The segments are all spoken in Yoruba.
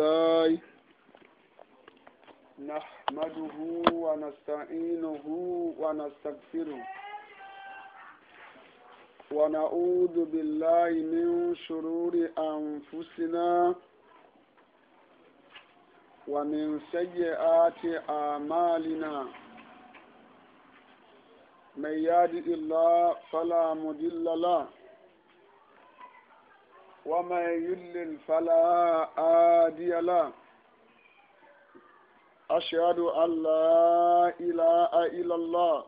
الله نحمده ونستعينه ونستغفره ونعوذ بالله من شرور أنفسنا ومن سيئات أعمالنا من يهده الله فلا مضل له ومن يلل فلا آدي له أشهد أن لا إله إلا الله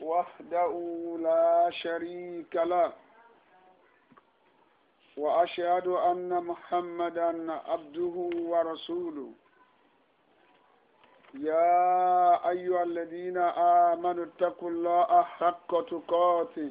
وحده لا شريك له وأشهد أن محمدا عبده ورسوله يا أيها الذين آمنوا اتقوا الله حق تقاته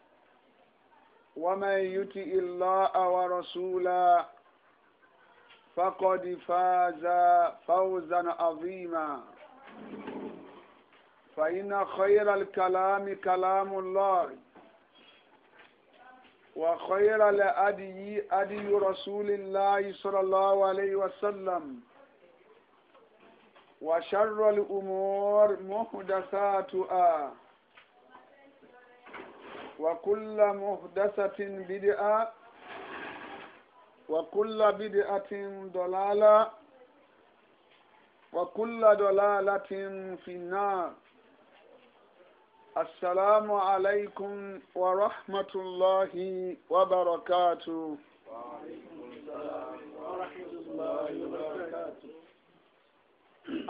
ومن يطع الله ورسوله فقد فاز فوزا عظيما فإن خير الكلام كلام الله وخير الأدي أدي رسول الله صلى الله عليه وسلم وشر الأمور محدثاتها وكل محدثة بدعة وكل بدعة ضلالة وكل ضلالة في النار السلام عليكم ورحمة الله وبركاته وعليكم السلام ورحمة الله وبركاته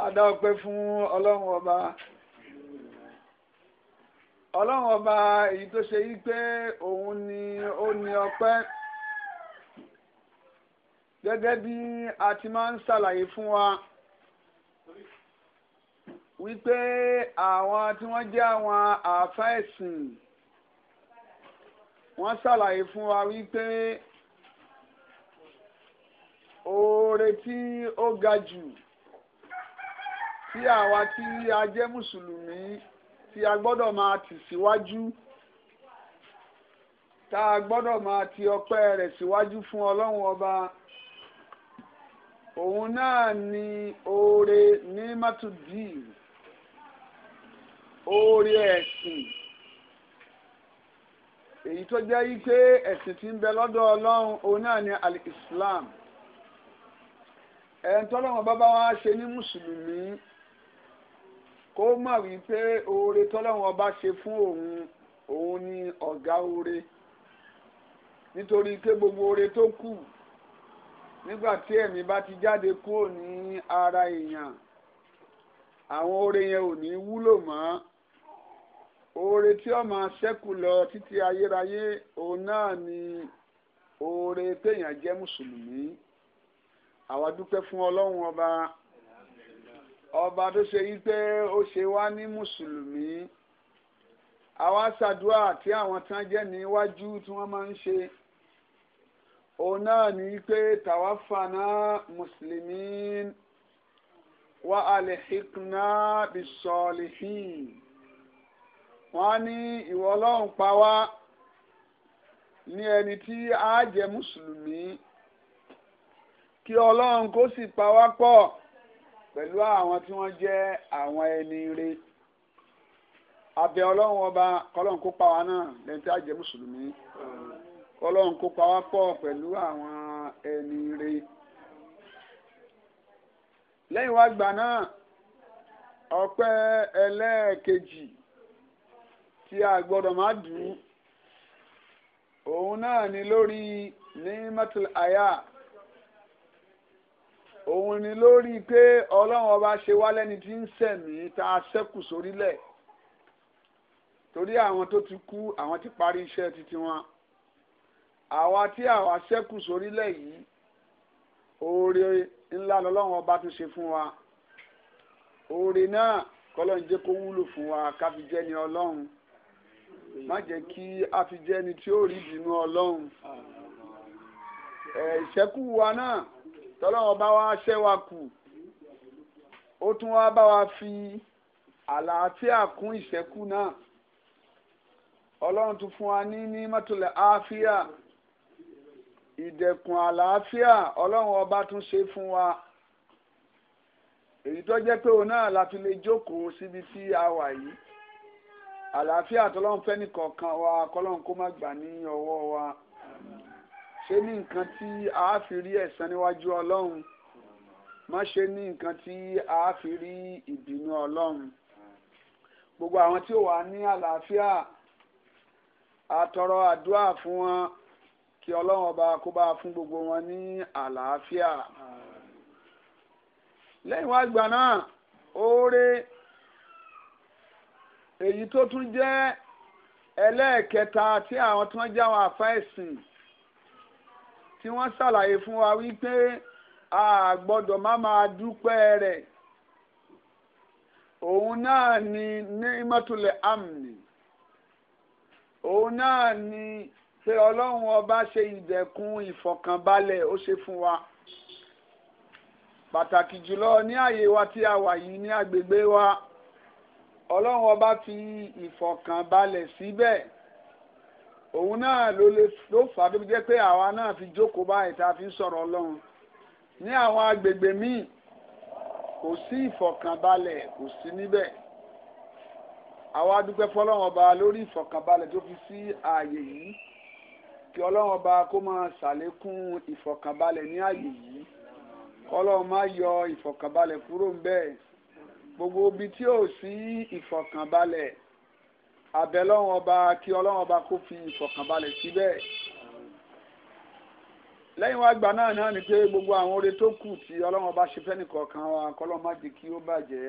أدعوك فون الله وبركاته ọlọ́run ọba èyí tó ṣe yí pé òun ni ó ní ọpẹ́ gẹ́gẹ́ bí a ti máa ń ṣàlàyé fún wa wípé àwọn tí wọ́n jẹ́ àwọn àáfàá ẹ̀sìn wọ́n ṣàlàyé fún wa wípé oore tí ó ga jù tí àwa tí a jẹ́ mùsùlùmí tí a gbọ́dọ̀ máa tì síwájú tá a gbọ́dọ̀ máa ti ọpẹ́ rẹ̀ síwájú fún ọlọ́run ọba òun náà ni oore ní mátùdí oore ẹ̀sìn èyí tó jẹ́ yí pé ẹ̀sìn tí ń bẹ lọ́dọ̀ ọlọ́run òun náà ni al-Islam ẹ̀ ń tọ́lọ́run bàbá wa ṣe ní mùsùlùmí kó mọ̀ wípé oore tọ́lọ́run ọba ṣe fún òun òun ni ọ̀gá oore nítorí pé gbogbo oore tó kù nígbà tí ẹ̀mí bá ti jáde kúrò ní ara èèyàn àwọn oore yẹn ò ní wúlò mọ́ oore tí ó máa ṣẹ́kù lọ títí ayérayé òun náà ni oore téèyàn jẹ́ mùsùlùmí àwa dúpẹ́ fún ọlọ́run ọba ọba tó ṣe yí pé ó ṣe wá ní mùsùlùmí àwa ṣàdúrà tí àwọn tán jẹ́ níwájú tí wọ́n máa ń ṣe òun náà ní pé tàwáfànà mùsùlùmí wa alihikna bisọlihin wọ́n ní ìwọ Ọlọ́run pa wá ní ẹni tí a jẹ́ mùsùlùmí kí Ọlọ́run kó sì pa wá pọ̀ pẹ̀lú àwọn tí wọ́n jẹ́ àwọn ẹni re abẹ ọlọ́run ọba kọlọ́run kó pa wá náà lẹ́yìn tí a jẹ́ mùsùlùmí kọlọ́run kó pa wá pọ̀ pẹ̀lú àwọn ẹni re lẹ́yìn wá gbà náà ọpẹ́ ẹlẹ́ẹ̀kejì tí a gbọ́dọ̀ má dùn òun náà ni lórí ní mẹ́tìlì àyà òun ni lórí pé ọlọ́run ọba ṣe wá lẹ́ni tí ń sẹ̀mí tá a ṣẹ́kù sórílẹ̀ torí àwọn tó ti kú àwọn ti parí iṣẹ́ títí wọn àwa tí àwa ṣẹ́kù sórílẹ̀ yìí oore ńlá lọ́lọ́run ọba tún ṣe fún wa oore náà kọ́lọ́run jẹ́ kó wúlò fún wa ká fi jẹ́ ni ọlọ́run má jẹ́ kí a fi jẹ́ ni tí ó rí ìbínú ọlọ́run ẹ̀ ìṣẹ́kù wa náà tọ́lọ́wọ́n bá wá ṣẹ́ wa kù ó tún wá bá wa fi àlàáfíà kún ìṣẹ́kù náà ọlọ́run tún fún wa ní ní mọ́tòlẹ̀ àáfíà ìdẹ̀kùn àlàáfíà ọlọ́run ọba tún ṣe fún wa èyí tó jẹ́ pé òun náà la fi lè jókòó síbi tí a wà yìí àlàáfíà tọ́lọ́run fẹ́ nìkọ̀ọ̀kan wa kọ́lọ́run kó má gbà ní ọwọ́ wa ṣe ní nǹkan tí a fi rí ẹ̀san níwájú ọlọ́run má ṣe ní nǹkan tí a fi rí ìbínú ọlọ́run gbogbo àwọn tí ó wà ní àlàáfíà àtọrọ àdúrà fún wọn kí ọlọ́run ọba kó bá fún gbogbo wọn ní àlàáfíà lẹ́yìn wá gbà náà oore èyí tó tún jẹ́ ẹlẹ́ẹ̀kẹta tí àwọn tí wọ́n jáwọn àfáìsìn tí wọ́n ṣàlàyé fún wa wípé a gbọ́dọ̀ má máa dúpẹ́ rẹ̀ òun náà ni nímọ̀tòlẹ̀ amni òun náà ni pé ọlọ́run ọba ṣe ìdẹ̀kùn ìfọ̀kànbalẹ̀ ó ṣe fún wa pàtàkì jùlọ ní àyè wa tí a wà yìí ní agbègbè wa ọlọ́run ọba fi ìfọ̀kànbalẹ̀ síbẹ̀. Si òun náà ló lè ló fà á tó fi jẹ́ pé àwa náà fi jókòó báyìí tá a fi ń sọ̀rọ̀ ọlọ́run ní àwọn agbègbè míì kò sí ìfọ̀kànbalẹ̀ kò sí níbẹ̀ àwa dúpẹ́ fọlọ́run ọba lórí ìfọ̀kànbalẹ̀ tó fi sí ààyè yìí kí ọlọ́run ọba kó máa ṣàlékún ìfọ̀kànbalẹ̀ ní ààyè yìí kọ́lọ́run má yọ ìfọ̀kànbalẹ̀ kúrò ń bẹ́ẹ̀ gbogbo ibi tí ò sí ìfọ̀kànbalẹ̀ abẹ lọ́wọ́n ọba kí ọlọ́wọ́n ọba kó fi ìfọ̀kànbalẹ̀ síbẹ̀ lẹ́yìn wá gbà náà náà ni pé gbogbo àwọn oore tó kù tí ọlọ́wọ́n ọba ṣe fẹ́nìkọ̀ọ̀kan wa kọ́lọ́n má jẹ́ kí ó bàjẹ́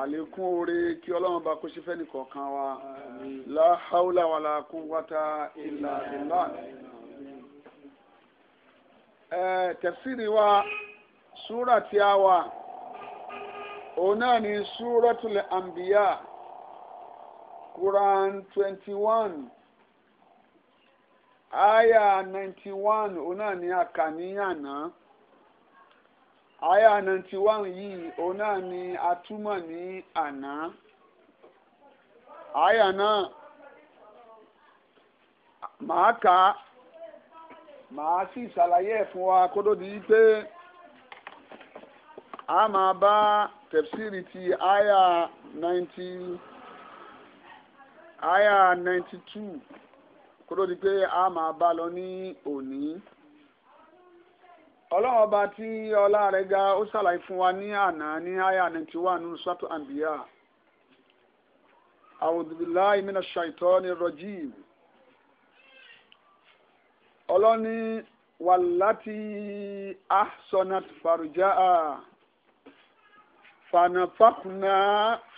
àlékún oore kí ọlọ́wọ́n ọba kó ṣe fẹ́nìkọ̀ọ̀kan wa la haula wala quwwata illa billah. ẹ tafsiri wa súrà tí a wà òun náà ni súratul anbiya. Quran 21 aya 91 òun náà ni àkàníyànná aya 91 yi òun náà ni a túmọ̀ ní àná aya na màá kà á màá sì ṣàlàyé wa kó di a ma ba tẹ̀síìrì ti aya 90. Aya ninety two kó tó di pé a máa bá lọ ní òní ọlọ́run ọba tí ọlá rẹ̀ ga ó ṣàlàyé fún wa ní àná ní àyà ninety one nínú sọ́tò àǹbíyà àwòdìbíláì ṣàìtọ́ ọlọ́ni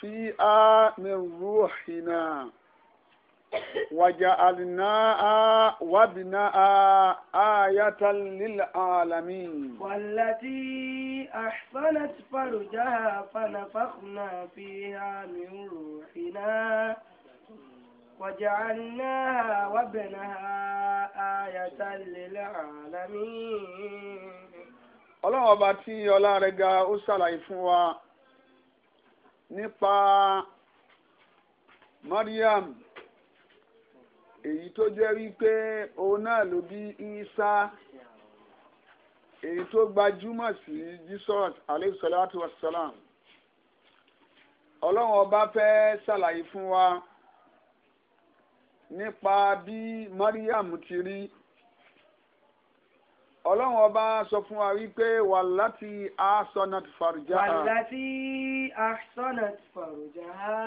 fi a ruhina. وجعلناها وابنها آية للعالمين والتي أحصنت فرجها فنفخنا فيها من روحنا وجعلناها وابنها آية للعالمين ọlọ́run ọba tí ọlá rẹ̀ ga ó ṣàlàyé fún wa nípa Mariam èyí tó jẹ́ wípé òun náà ló bí Isa èyí tó gbajúmọ̀ sí Jesus alayhi salatu wassalam ọlọ́run ọba fẹ́ ṣàlàyé fún wa nípa bí Mariam ti rí ọlọ́run ọba sọ fún wa wípé wà láti ahsanat farjaha. wà láti ahsanat farjaha.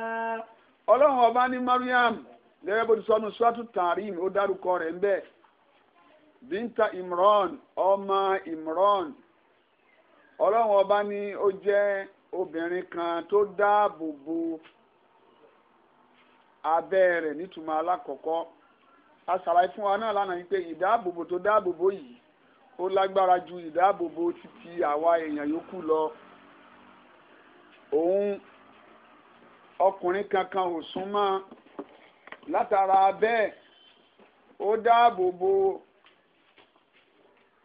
ọlọ́run ọba ní Mariam. gẹ́gẹ́ bó ti sọ́nu sọ́tù tààrin ó dárúkọ rẹ̀ ńbẹ́ bínta imran ọmọ imran ọlọ́run ọba ni ó jẹ́ obìnrin kan tó dáàbò bo abẹ́ rẹ̀ nítumọ̀ alákọ̀ọ́kọ́ a ṣàlàyé fún wa náà lánàá pé ìdáàbòbò tó dáàbòbò yìí ó lágbára ju ìdáàbòbò títí àwa èèyàn yòókù lọ òun ọkùnrin kankan ò súnmọ́ látara abẹ́ ó dáàbò bo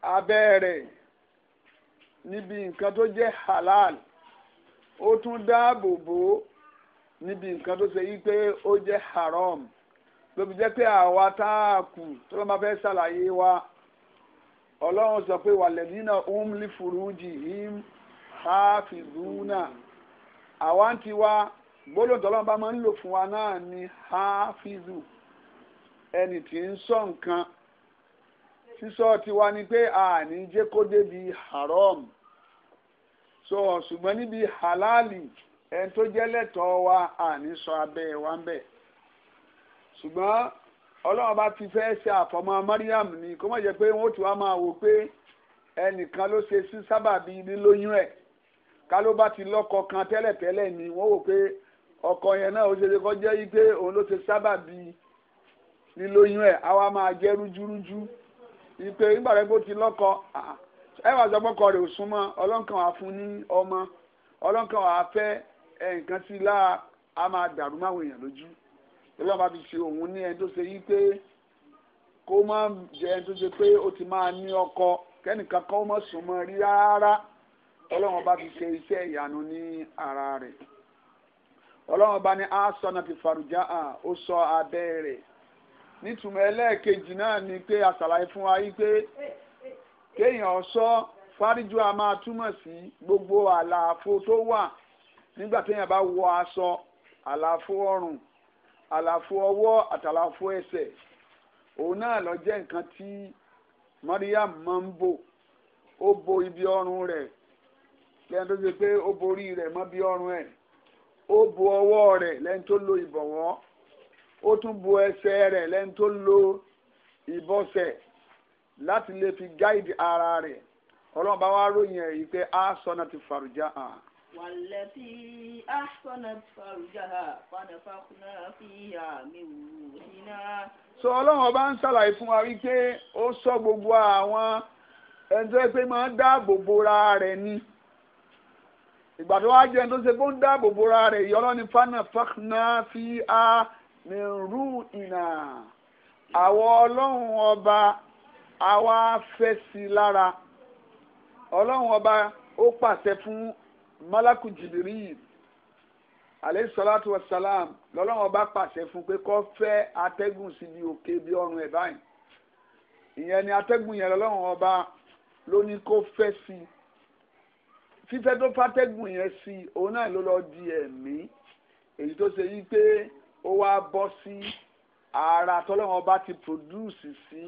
abẹ́ rẹ̀ níbi nǹkan tó jẹ́ halal ó tún dáàbò bo níbi nǹkan tó ṣe yí pé ó jẹ́ haram lóbi jẹ́ pé àwa tá a kù tó ló máa fẹ́ ṣàlàyé wa ọlọ́run sọ pé wàlẹ́dínà him ha furujihim hafizuna àwa ń tiwa. gbólóhùn tọ́lọ́run bá máa ń lò fún wa náà ni hafizu ẹni tí ń sọ nǹkan sísọ tiwa ni pé àní jẹ́ kó débi haram so ṣùgbọ́n níbi halali ẹni tó jẹ́ lẹ́tọ̀ọ́ wa àní sọ abẹ́ wa ń bẹ̀ ṣùgbọ́n ọlọ́run bá ti fẹ́ ṣe àfọmọ́ Mariam ni kó má jẹ́ pé wọ́n ti wá máa wò pé ẹnìkan ló ṣe sí sábàbí lílóyún ẹ̀ ká ló bá ti lọ́kọ kan tẹ́lẹ̀tẹ́lẹ̀ ni wọ́n wò pé ọkọ yẹn náà ó ṣe ṣe kọjá yìí pé òun ló ṣe sábàbí lílóyún ẹ̀ àwa máa rújúrújú ìpè nígbà rẹ bó ti ẹ wà sọ ò ọlọ́nkàn fún ní ọmọ ọlọ́nkàn nǹkan sí máa dàrú èèyàn lójú bá fi ṣe òun ní ẹni tó ṣe yí pé kó má jẹ ẹni tó ṣe pé ó ti máa ní ọkọ kẹ́nìkan kan mọ̀ sùn rí rárá ọlọ́run bá fi ṣe iṣẹ́ ìyanu ní ara rẹ̀. ọlọ́run bá a aṣọ náà fi fàrùjá hàn ó sọ abẹ́ rẹ̀ nítumọ̀ ẹlẹ́ẹ̀kejì náà ni pé àṣàlàyé fún wa yí pé kéèyàn sọ fáríjú a máa túmọ̀ sí gbogbo àlàfo tó wà nígbà téèyàn bá wọ aṣọ àlàfo ọrùn àlàfo ọwọ́ àtàlàfo ẹsẹ̀ òun náà lọ jẹ́ nǹkan tí Mariam máa ń bò ó bo ibi ọrùn rẹ̀ lẹ́yìn tó ṣe pé ó borí rẹ̀ mọ́ bí ọrùn ẹ̀ ó bu ọwọ́ rẹ̀ lẹ́ni tó lo ìbọ̀wọ́ ó tún bu ẹsẹ̀ rẹ̀ lẹ́ni tó lo ìbọ̀sẹ̀ láti lè fi gáìdì ara rẹ̀ ọlọ́run bá wá ròyìn ẹ̀ yìí pé a sọ̀nà ti fàrùjá hàn. wàlẹ́tí a sọ̀nà ti fàrùjá hàn fàdàfàkùnà fi àmì wù nínà. sọ ọlọ́run ọba ń ṣàlàyé fún wa wípé ó sọ gbogbo àwọn ẹni tó yẹ pé máa ń dáàbò bora rẹ̀ ni ìgbà tó wá jẹ́ ẹni tó ṣe kó ń dáàbò bora rẹ̀ ìyọ́lọ́ ni fana fakna fi a mẹ́rù ìnà àwọ̀ ọlọ́run ọba àwa fẹ́ lára ọlọ́run ọba ó pàṣẹ fún malaku jibiri aleyhi salatu wa salam lọ́lọ́run ọba pàṣẹ fún pé kó fẹ́ atẹ́gùn síbi òkè bí ọrùn ẹ̀ báyìí ìyẹn ni atẹ́gùn yẹn lọ́lọ́run ọba ló ní kó fẹ́ sí fífẹ́ tó fàtẹ́gùn yẹn sí i òun náà ló lọ di ẹ̀mí èyí tó ṣe yí pé ó wá bọ́ sí ara tọ́lọ́wọ́n ọba ti pòdúùsì sí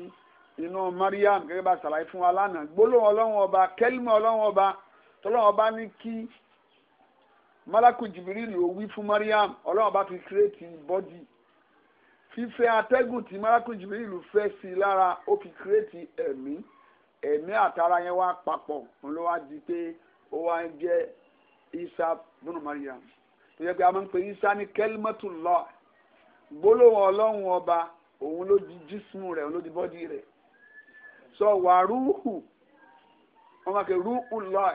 inú Mariam gẹ́gẹ́ bá ṣàlàyé fún wa lánàá gbólóhùn ọlọ́wọ́n ọba kẹ́límọ̀ ọlọ́wọ́n ọba tọ́lọ́wọ́n ọba ní kí malaku jibiril ó wí fún Mariam ọlọ́wọ́n ọba fi kírètì bọ́dì fífẹ́ atẹ́gùn tí malaku jibiril fẹ́ sí lára ó fi kírètì ẹ̀mí ẹ̀mí àtara yẹn wá papọ̀ òun di pé O wá isa bùnú mariam to yẹ pe a máa ń isa ní kẹlímọ́tòlọ́ gbólóhùn ọlọ́run ọba òun ló di jísùmù rẹ̀ òun ló di bọ́dì rẹ̀ sọ wàrúhù wọn máa kẹ rúhù lọ́ọ̀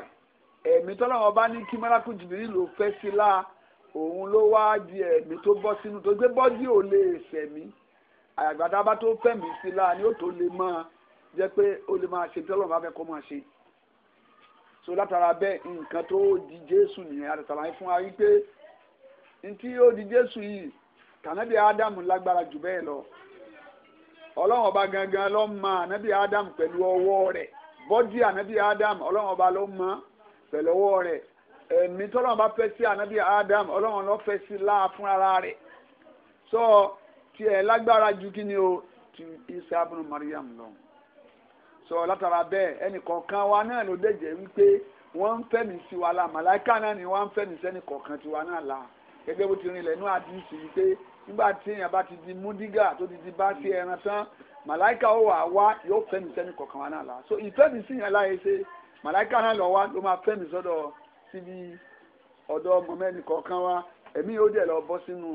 ẹ̀mí tọ́lọ́run ọba ní kí mọ́lákù jìbìrì ló fẹ́ si la, òun ló wá di ẹ̀mí tó bọ́ sínú tó gbé bọ́dì ò lè fẹ̀mí àgbàdàbà tó fẹ̀mí si láà ni ó tó lè so látara bẹ́ẹ̀ nǹkan tó di jésù nìyẹn àtàlàyé fún wa wípé ntí ó di jésù yìí kànábì ádámù lágbára jù bẹ́ẹ̀ lọ ọlọ́run ọba gangan ló mọ ànábì ádámù pẹ̀lú ọwọ́ rẹ̀ bọ́dí ànábì ádámù ọlọ́run ọba ló mọ pẹ̀lú ọwọ́ rẹ̀ ẹ̀mí tọ́lọ́run bá fẹ́ sí ànábì ádámù ọlọ́run ló fẹ́ sí láà fún ara rẹ̀ sọ tiẹ̀ lágbára ju kí ni o ti isa abunu mariam lọ́hùn sọ látara bẹ́ẹ̀ ẹnì kọ̀ọ̀kan wa náà ló dẹ̀jẹ̀ wípé wọ́n ń fẹ́mi sí wa la màláìka náà ni wọ́n ń fẹ́mi sẹ́nì kọ̀ọ̀kan tiwa náà la gẹ́gẹ́ bó ti rinlẹ̀ ní àdìsí wípé nígbà tí èèyàn bá ti di múdígà tó ti di bá sí ẹran tán màláìka ó wà wá yóò fẹ́mi sẹ́nì kọ̀ọ̀kan wa náà la so ìfẹ́mi sí yẹn láyé ṣe màláìka náà lọ wá ló máa fẹ́mi sọ́dọ̀ síbi ọ̀dọ̀ ọmọmẹ́ni kọ̀ọ̀kan wa ẹ̀mí yóò dẹ̀ lọ bọ́ sínú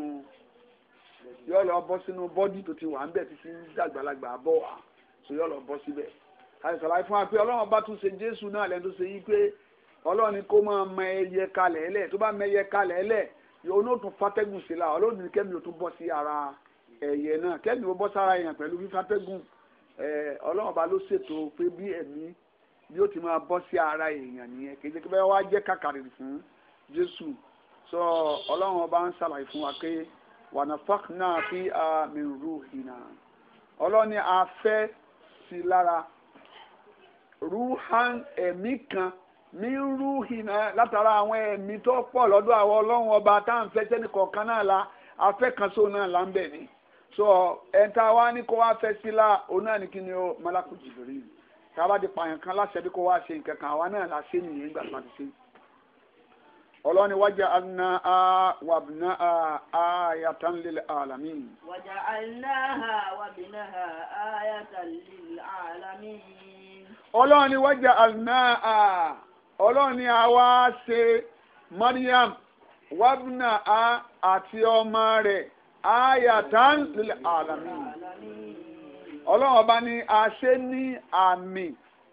yóò lọ bọ́ sínú bọ́dí tó ti wà ń bẹ̀ títí dàgbàlagbà bọ̀ wá so yóò lọ bọ́ síbẹ̀ àìsàlàyé fún wa pé ọlọ́run bá tún ṣe jésù náà lẹ́nu tó ṣe yí pé ọlọ́run ni kó máa mọ ẹyẹ kalẹ̀ ẹlẹ̀ tó bá mọ ẹyẹ kalẹ̀ ẹlẹ̀ yòó ní òtún fatẹ́gùn sí la ọlọ́run ní kẹ́mi ò tún bọ́ sí ara ẹyẹ náà kẹ́mi ò bọ́ sára èèyàn pẹ̀lú fífatẹ́gùn ọlọ́run bá ló ṣètò pé bí ẹ̀mí bí ó ti máa bọ́ sí ara èèyàn nìyẹn kì í ṣe pé wá jẹ́ kàkàrì fún jésù sọ ọlọ́run ọba ruhan ẹ̀mí kan mi ń rúhìnà látara àwọn ẹ̀mí tó pọ̀ lọ́dọ̀ àwọn ọlọ́run ọba tá à ń fẹ́ sẹ́ni kọ̀ọ̀kan náà la ni so ẹ̀ńtà wa ni kó wá fẹ́ sí la òun náà kí ni ó malaku Jibril tá di pààyàn kan láṣẹ bí kó wá ṣe nǹkan kan àwa náà la ṣe nìyẹn nígbà tó ti ṣe ọlọ́ni a wàbìnà a ayatan a ọlọ́run ni wájà alnáà ọlọ́run ni àwa ṣe mariam wabna a àti ọmọ rẹ̀ ayatan lil alamin ọlọ́run ọba ni a ṣe ní àmì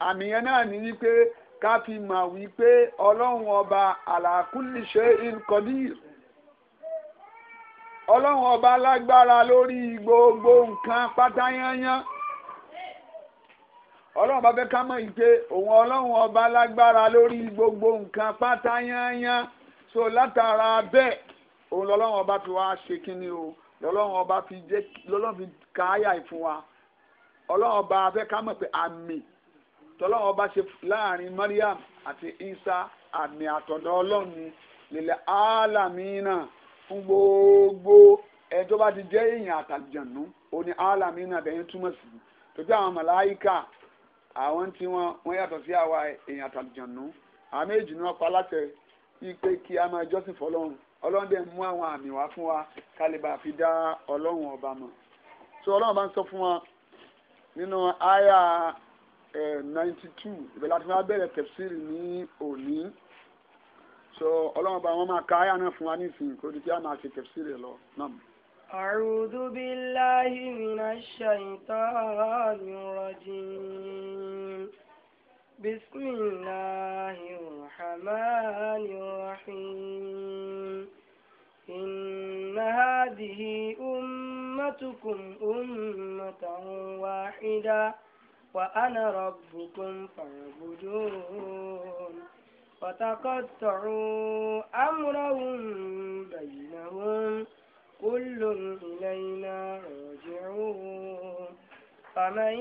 àmì yẹn náà ní wípé ká fi mà wípé ọlọ́run ọba ala kulli shay'in qadir ọlọ́run ọba lágbára lórí gbogbo nǹkan pátáyányán ọlọ́run bá fẹ́ ká mọ̀ yìí pé òun ọlọ́run ọba lágbára lórí gbogbo nǹkan pátá yányán so látara bẹ́ẹ̀ òun lọ́lọ́run ọba fi wá ṣe kínní o lọ́lọ́run ọba fi jẹ́ lọ́lọ́run fi káyà ìfún wa ọlọ́run ọba fẹ́ ká mọ̀ pé àmì tọ́lọ́run ọba ṣe láàrin Mariam àti Isa àmì àtọ̀dọ̀ ọlọ́run ni lílẹ̀ áàlàmínà fún gbogbo ẹni tó bá ti jẹ́ èèyàn àtàlùjànú òun ni áàlàmínà bẹ̀yẹn túmọ̀ sí tòjú àwọn màláìkà àwọn tí wọn wọn yàtọ̀ sí àwa èèyàn àtàlùjọ̀nù àwọn méjì ni wọn ipe kí a máa jọ́sìn fọlọ́run ọlọ́run dẹ̀ mú àwọn àmì wá fún wa ká lè bá fi dá ọlọ́run ọba mọ̀ so ọlọ́run bá ń sọ fún wa nínú àyà ninety two ìbẹ̀rẹ̀ láti máa bẹ̀rẹ̀ tẹ̀síìrì ní òní so ọlọ́run ọba wọn máa ka àyà náà fún wa nísìnyí kó di kí a máa ṣe tẹ̀síìrì lọ náà. أعوذ بالله من الشيطان الرجيم بسم الله الرحمن الرحيم إن هذه أمتكم أمة واحدة وأنا ربكم فاعبدون وتقطعوا أمرهم بينهم كل إلينا راجعون فمن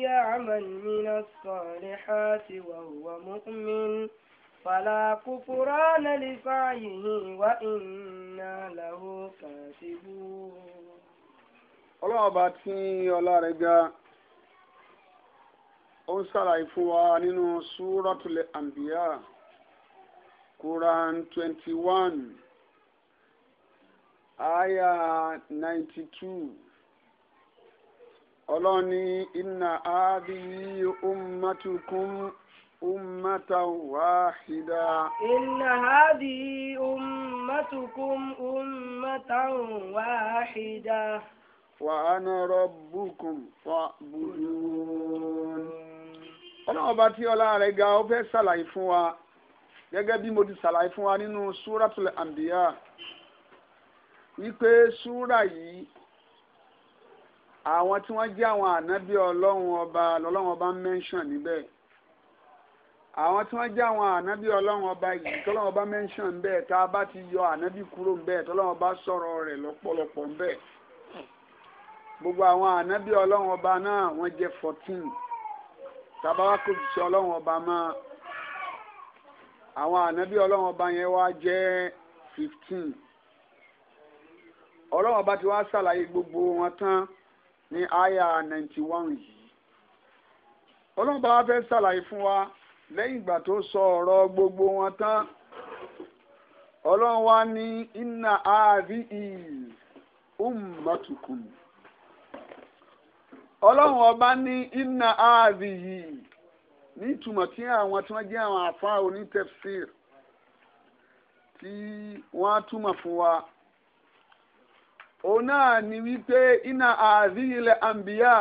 يعمل من الصالحات وهو مؤمن فلا كفران لسعيه وإنا له كاتبون الله باتي الله rẹ̀ ga ó ń ṣàlàyé fún wa nínú súrọ́tulẹ̀ àǹbíyà Quran twenty one aya 92. two ọlọ́ni inna adiyi ummatukum ummatan wahida. inna adiyi ummatukum ummatan wahida. wa ana rabbukum fa'budun. ọlọ́run ọba tí ọlá rẹ̀ ga ó fẹ́ ṣàlàyé fún wa gẹ́gẹ́ bí mo ti ṣàlàyé fún wa nínú súratul anbiya wípé súrà yìí àwọn tí wọ́n jẹ́ àwọn ànábì ọlọ́run ọba lọ́lọ́run ọba mẹ́ńṣàn níbẹ̀ àwọn tí wọ́n jẹ́ àwọn ànábì ọlọ́run ọba yìí tọ́lọ́run ọba mẹ́ńṣàn níbẹ̀ tá a bá ti yọ ànábì kúrò níbẹ̀ tọ́lọ́run ọba sọ̀rọ̀ rẹ̀ lọ́pọ̀lọpọ̀ níbẹ̀ gbogbo àwọn ànábì ọlọ́run ọba náà wọ́n jẹ́ fourteen tàbá wá kó jùsọ ọlọ́run ọba máa àwọn ànábì ọlọ́run ọba yẹn wá jẹ́ fifteen ọlọ́run ọba ti wá ṣàlàyé gbogbo wọn tán ní àyà ninety one yìí ọlọ́run ọba wa fẹ́ ṣàlàyé fún wa lẹ́yìn ìgbà tó sọ ọ̀rọ̀ gbogbo wọn tán ọlọ́run wa ní inna àdìhì ummatukum ọlọ́run ọba ní inna àdìhì ní ìtumọ̀ tí àwọn tí wọ́n jẹ́ àwọn àfa onítẹ̀fsír tí wọ́n túmọ̀ fún wa. òun náà ni ina iná ile àǹbíyà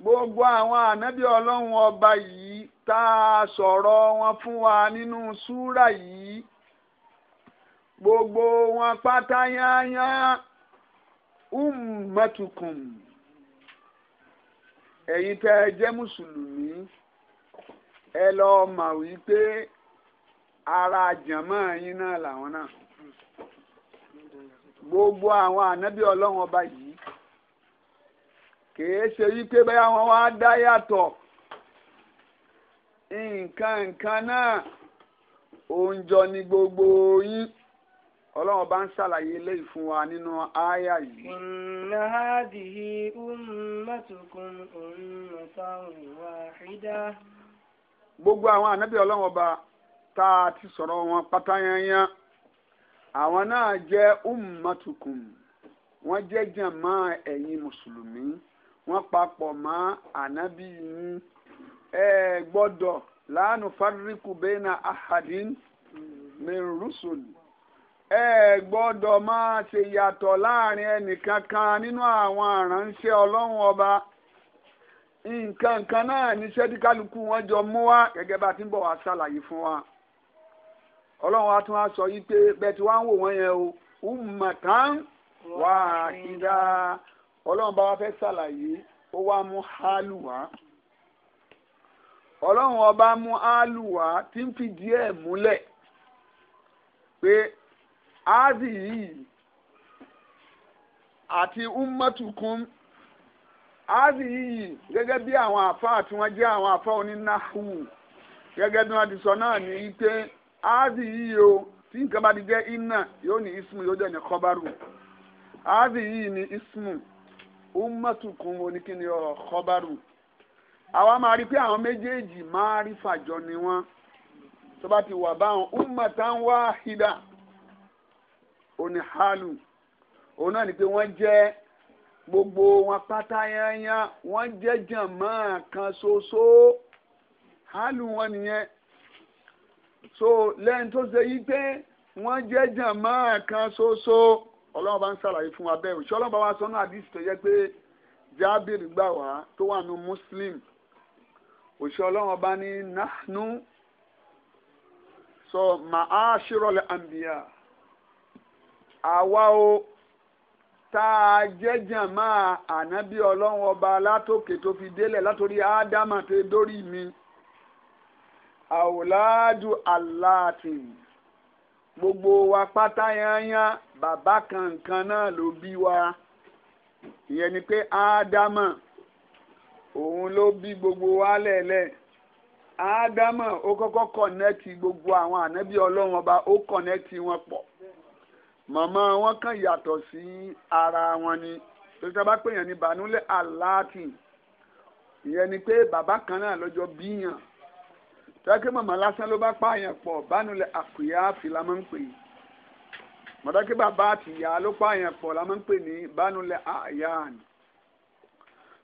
gbogbo àwọn ànábì ọlọ́run ọba yìí tá a sọ̀rọ̀ wọn fún wa nínú súrà yìí gbogbo wọn pátá yányá ummatukum ẹ̀yin tẹ́ ẹ jẹ́ mùsùlùmí ẹ lọ́ọ́ mà wípé ara jamaa yín náà làwọn náà. gbogbo àwọn ànábì ọlọ́run ọba yìí kìí ṣe wípé báyà wọn wá dá yàtọ̀ nǹkan nǹkan náà òǹjọ ni gbogbo yín ọlọ́run bá ń ṣàlàyé eléyìí fún wa nínú àyà yìí. gbogbo àwọn ànábì ọba tá ti sọ̀rọ̀ wọn pátá àwọn náà jẹ ummatukum wọn jẹ jàmá ẹ̀yin mùsùlùmí wọn papọ mọ́ ànábì yín ẹ gbọ́dọ̀ láàánú fáríkù bẹ́ẹ̀nà ahadin min rusul ẹ gbọ́dọ̀ máa ṣe yàtọ̀ láàrin ẹnìkankan nínú àwọn àránṣẹ́ ọlọ́run ọba nǹkan kan náà níṣẹ́ tí kálukú wọn jọ mú wá gẹ́gẹ́ bá ti ń bọ̀ wá ṣàlàyé fún wa. ọlọ́run atún á sọ yìí pé bẹ́ẹ̀ tí wọ́n á wò wọ́n yẹn o ummatan wahida ọlọ́run bá wa fẹ́ ṣàlàyé ó wá mú hálù wá ọlọ́run ọba mú hálù wá tí ń fi díẹ̀ múlẹ̀ pé áàdì yìí àti ummatukum áàdì yìí gẹ́gẹ́ bí àwọn àfáà tí wọ́n jẹ́ àwọn àfáà onínáhù gẹ́gẹ́ bí wọ́n ti sọ náà ní pé azi yìí o tí nǹkan bá ti jẹ́ iná yóò ní ismu yóò dẹ̀ ní kọ́bárù áàdì yìí ní ismu ummatukum oníkíni ọ̀ kọ́bárù àwa máa rí pé àwọn méjèèjì máa rí fàjọ ni wọ́n tó bá ti wà báwọn ummatan wahida òní hálù òun náà ni pé wọ́n jẹ́ gbogbo wọn pátá yányá wọ́n jẹ́ jàmáà kan ṣoṣo hálù wọn nìyẹn so lẹ́yìn tó ṣe yí pé wọ́n jẹ́ jàmáà kan ṣoṣo ọlọ́run bá ń ṣàlàyé fún wa bẹ́ẹ̀ òṣìṣẹ́ ọlọ́run bá wá sọ́nà àdìsí tó yẹ pé jábìrì gbà wá tó wà nù muslim òṣìṣẹ́ ọlọ́run bá ní nahnu sọ màá ṣírọ̀lẹ̀ àǹbíyà àwa o tá a jẹ́ jàmáà ànábì ọlọ́run ọba látòkè tó fi délẹ̀ látòrí ádámà tó dórí mi àwòláàdù aláàtì gbogbo wa pátá yányá bàbá kankan náà ló bí wa ìyẹn ni pé ádámà òun ló bí gbogbo wa lẹ́lẹ̀ ádámà ó kọ́kọ́ kọ̀nẹ́tì gbogbo àwọn ànábì ọlọ́run ọba ó kọ̀nẹ́tì wọn pọ̀ màmá wọn kàn yàtọ̀ sí ara wọn ni lóṣù tá a bá pè yàn ní bànúlẹ̀ aláàtì ìyẹn ni pé bàbá kan náà lọ́jọ́ bíyàn tọ́kí màmá lásán ló bá pààyàn pọ̀ bánulẹ̀ àkùyà àfi la máa ń pè é mọ̀tọ́kí bàbá àti ìyá ló pààyàn pọ̀ la máa ń pè ní bánulẹ̀ àyàn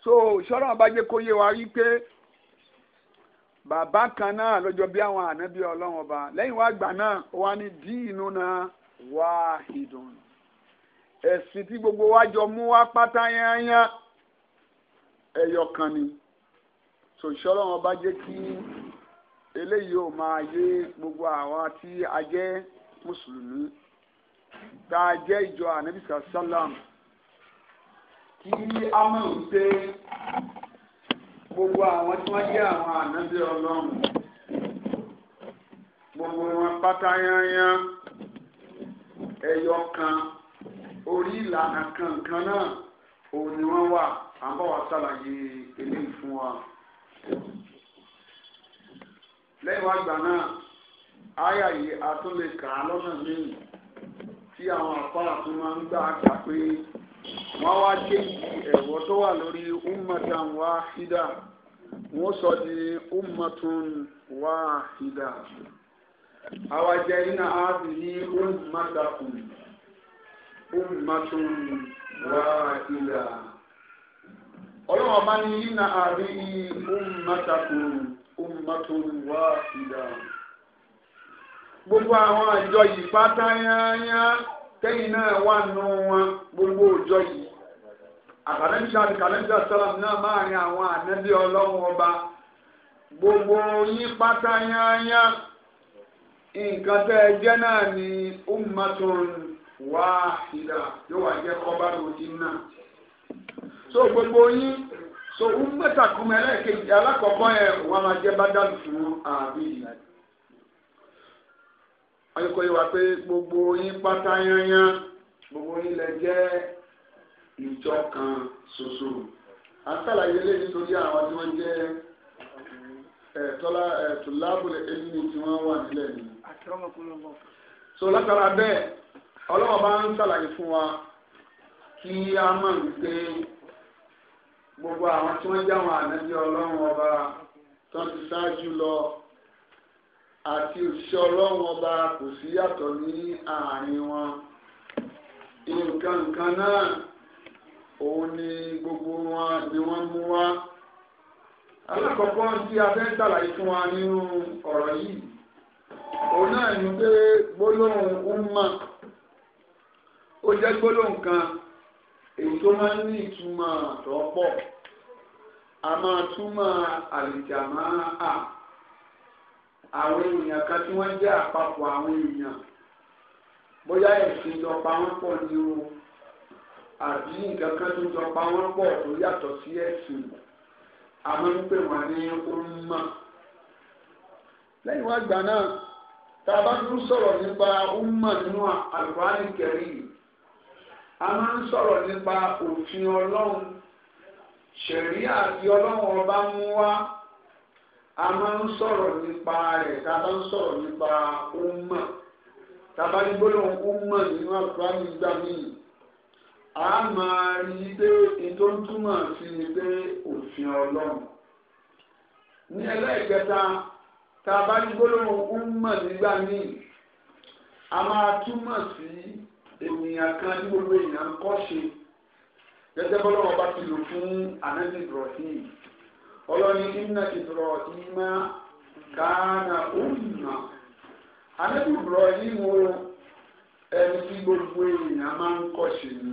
so ìṣọ́ra àbájẹ́ kó yé wa rí pé bàbá kan náà lọ́jọ́ bí àwọn ànábì ọlọ́run ọba lẹ́yìn wá gbà náà wá ní díìnù náà wá ìdùn ẹ̀sìn tí gbogbo wa jọ mú wá pátá yányá ẹ̀yọ̀ ni so ìṣọ́ra ọba jẹ́ kí eléyìí ò máa yé gbogbo àwa tí a jẹ́ mùsùlùmí tá a jẹ́ ìjọ ànábìsà sálàm kí a mọ̀ wípé gbogbo àwọn tí wọ́n jẹ́ àwọn ànábì ọlọ́run gbogbo wọn pátá yányán ẹyọ kan orí ìlànà kankan náà òun ni wọ́n wà àbọ̀wá ṣàlàyé eléyìí fún wa. lẹ́yìn àgbà náà àyà yìí a tún lè kà á lọ́nà míì tí àwọn àpárá tún máa ń gbà gbà pé wọ́n wá dé ibi ẹ̀wọ́ tó wà lórí ummatan wahida wọ́n sọ di ummatun wahida àwa jẹ́ iná áàbì ní ummatakum ummatun wahida ọlọ́wọ́n bá ní iná ummatun wahida gbogbo àwọn ìjọ yìí pátá yányá kẹ́yìn náà wà nù wọn gbogbo ìjọ yìí àkàlẹ́ńtà àkàlẹ́ńtà sálàm náà máàrin àwọn ànábì ọlọ́run ọba gbogbo yín pátá yányá nǹkan tẹ́ ẹ jẹ́ náà ni ummatun wahida yóò wá jẹ́ kọ́ bá lòdì náà so gbogbo yín so ummatakum ẹlẹ́ẹ̀kejì alákọ̀ọ́kọ́ yẹ wọn máa jẹ́ bádàlù fún àbí ìlà ayọ̀kọ̀ yìí wá pé gbogbo yín pátá yányán gbogbo yín lẹ jẹ́ ìjọ kan ṣoṣo àtàlàyé lè nítorí àwọn tí wọ́n jẹ́ ẹ̀tọ́lá ẹ̀tùlábùlẹ̀ ẹ̀yìn tí wọ́n wà nílẹ̀ ni. so látara bẹ́ẹ̀ ọlọ́wọ́ bá ń ṣàlàyé fún wa kí a máa ń gbé gbogbo àwọn tí wọ́n jáwọn ànábì ọlọ́run ọba tó ti ṣáájú lọ àti òṣìṣẹ́ ọlọ́run ọba kò sí yàtọ̀ ní àárín wọn nǹkan kan náà òun ni gbogbo wọn ni wọ́n mú wá alákọ̀ọ́kọ́ tí a fẹ́ ṣàlàyé fún wa nínú ọ̀rọ̀ yìí òun náà ní pé gbólóhùn umma ó jẹ́ gbólóhùn kan èyí tó máa ń ní ìtumọ̀ rọ́pọ̀ a máa túmọ̀ àlìjàmá à àwọn èèyàn kan tí wọ́n jẹ́ àpapọ̀ àwọn èèyàn bóyá ẹ̀sìn jọ pa wọ́n pọ̀ ni o àbí nǹkan kan tó jọ pa wọ́n pọ̀ tó yàtọ̀ sí ẹ̀sìn a máa ń pè wọ́n ní ọmọ lẹ́yìn wá gbà náà tá a bá tún sọ̀rọ̀ nípa ọmọ nínú Al-Qur'an Karim a máa ń sọ̀rọ̀ nípa òfin ọlọ́run ṣẹ̀rí àti ọlọ́run ọba mú wá a máa ń sọ̀rọ̀ nípa rẹ̀ tá a bá ń sọ̀rọ̀ nípa ọmọ tá a bá ní gbólóhùn ọmọ nínú àkùrá nígbà míì a máa rí i pé ètò ń túmọ̀ sí ni pé òfin ọlọ́run ní ẹlẹ́ẹ̀kẹta tá a bá ní gbólóhùn ọmọ nígbà míì a máa túmọ̀ sí. Si ènìyàn kan ní gbogbo èèyàn kọ́ ṣe gẹ́gẹ́ bọ́lá fún anabi ibrahim ọlọ́ni inna ibrahim kánà umma anabi ibrahim o ẹni tí gbogbo máa ń kọ́ ṣe ni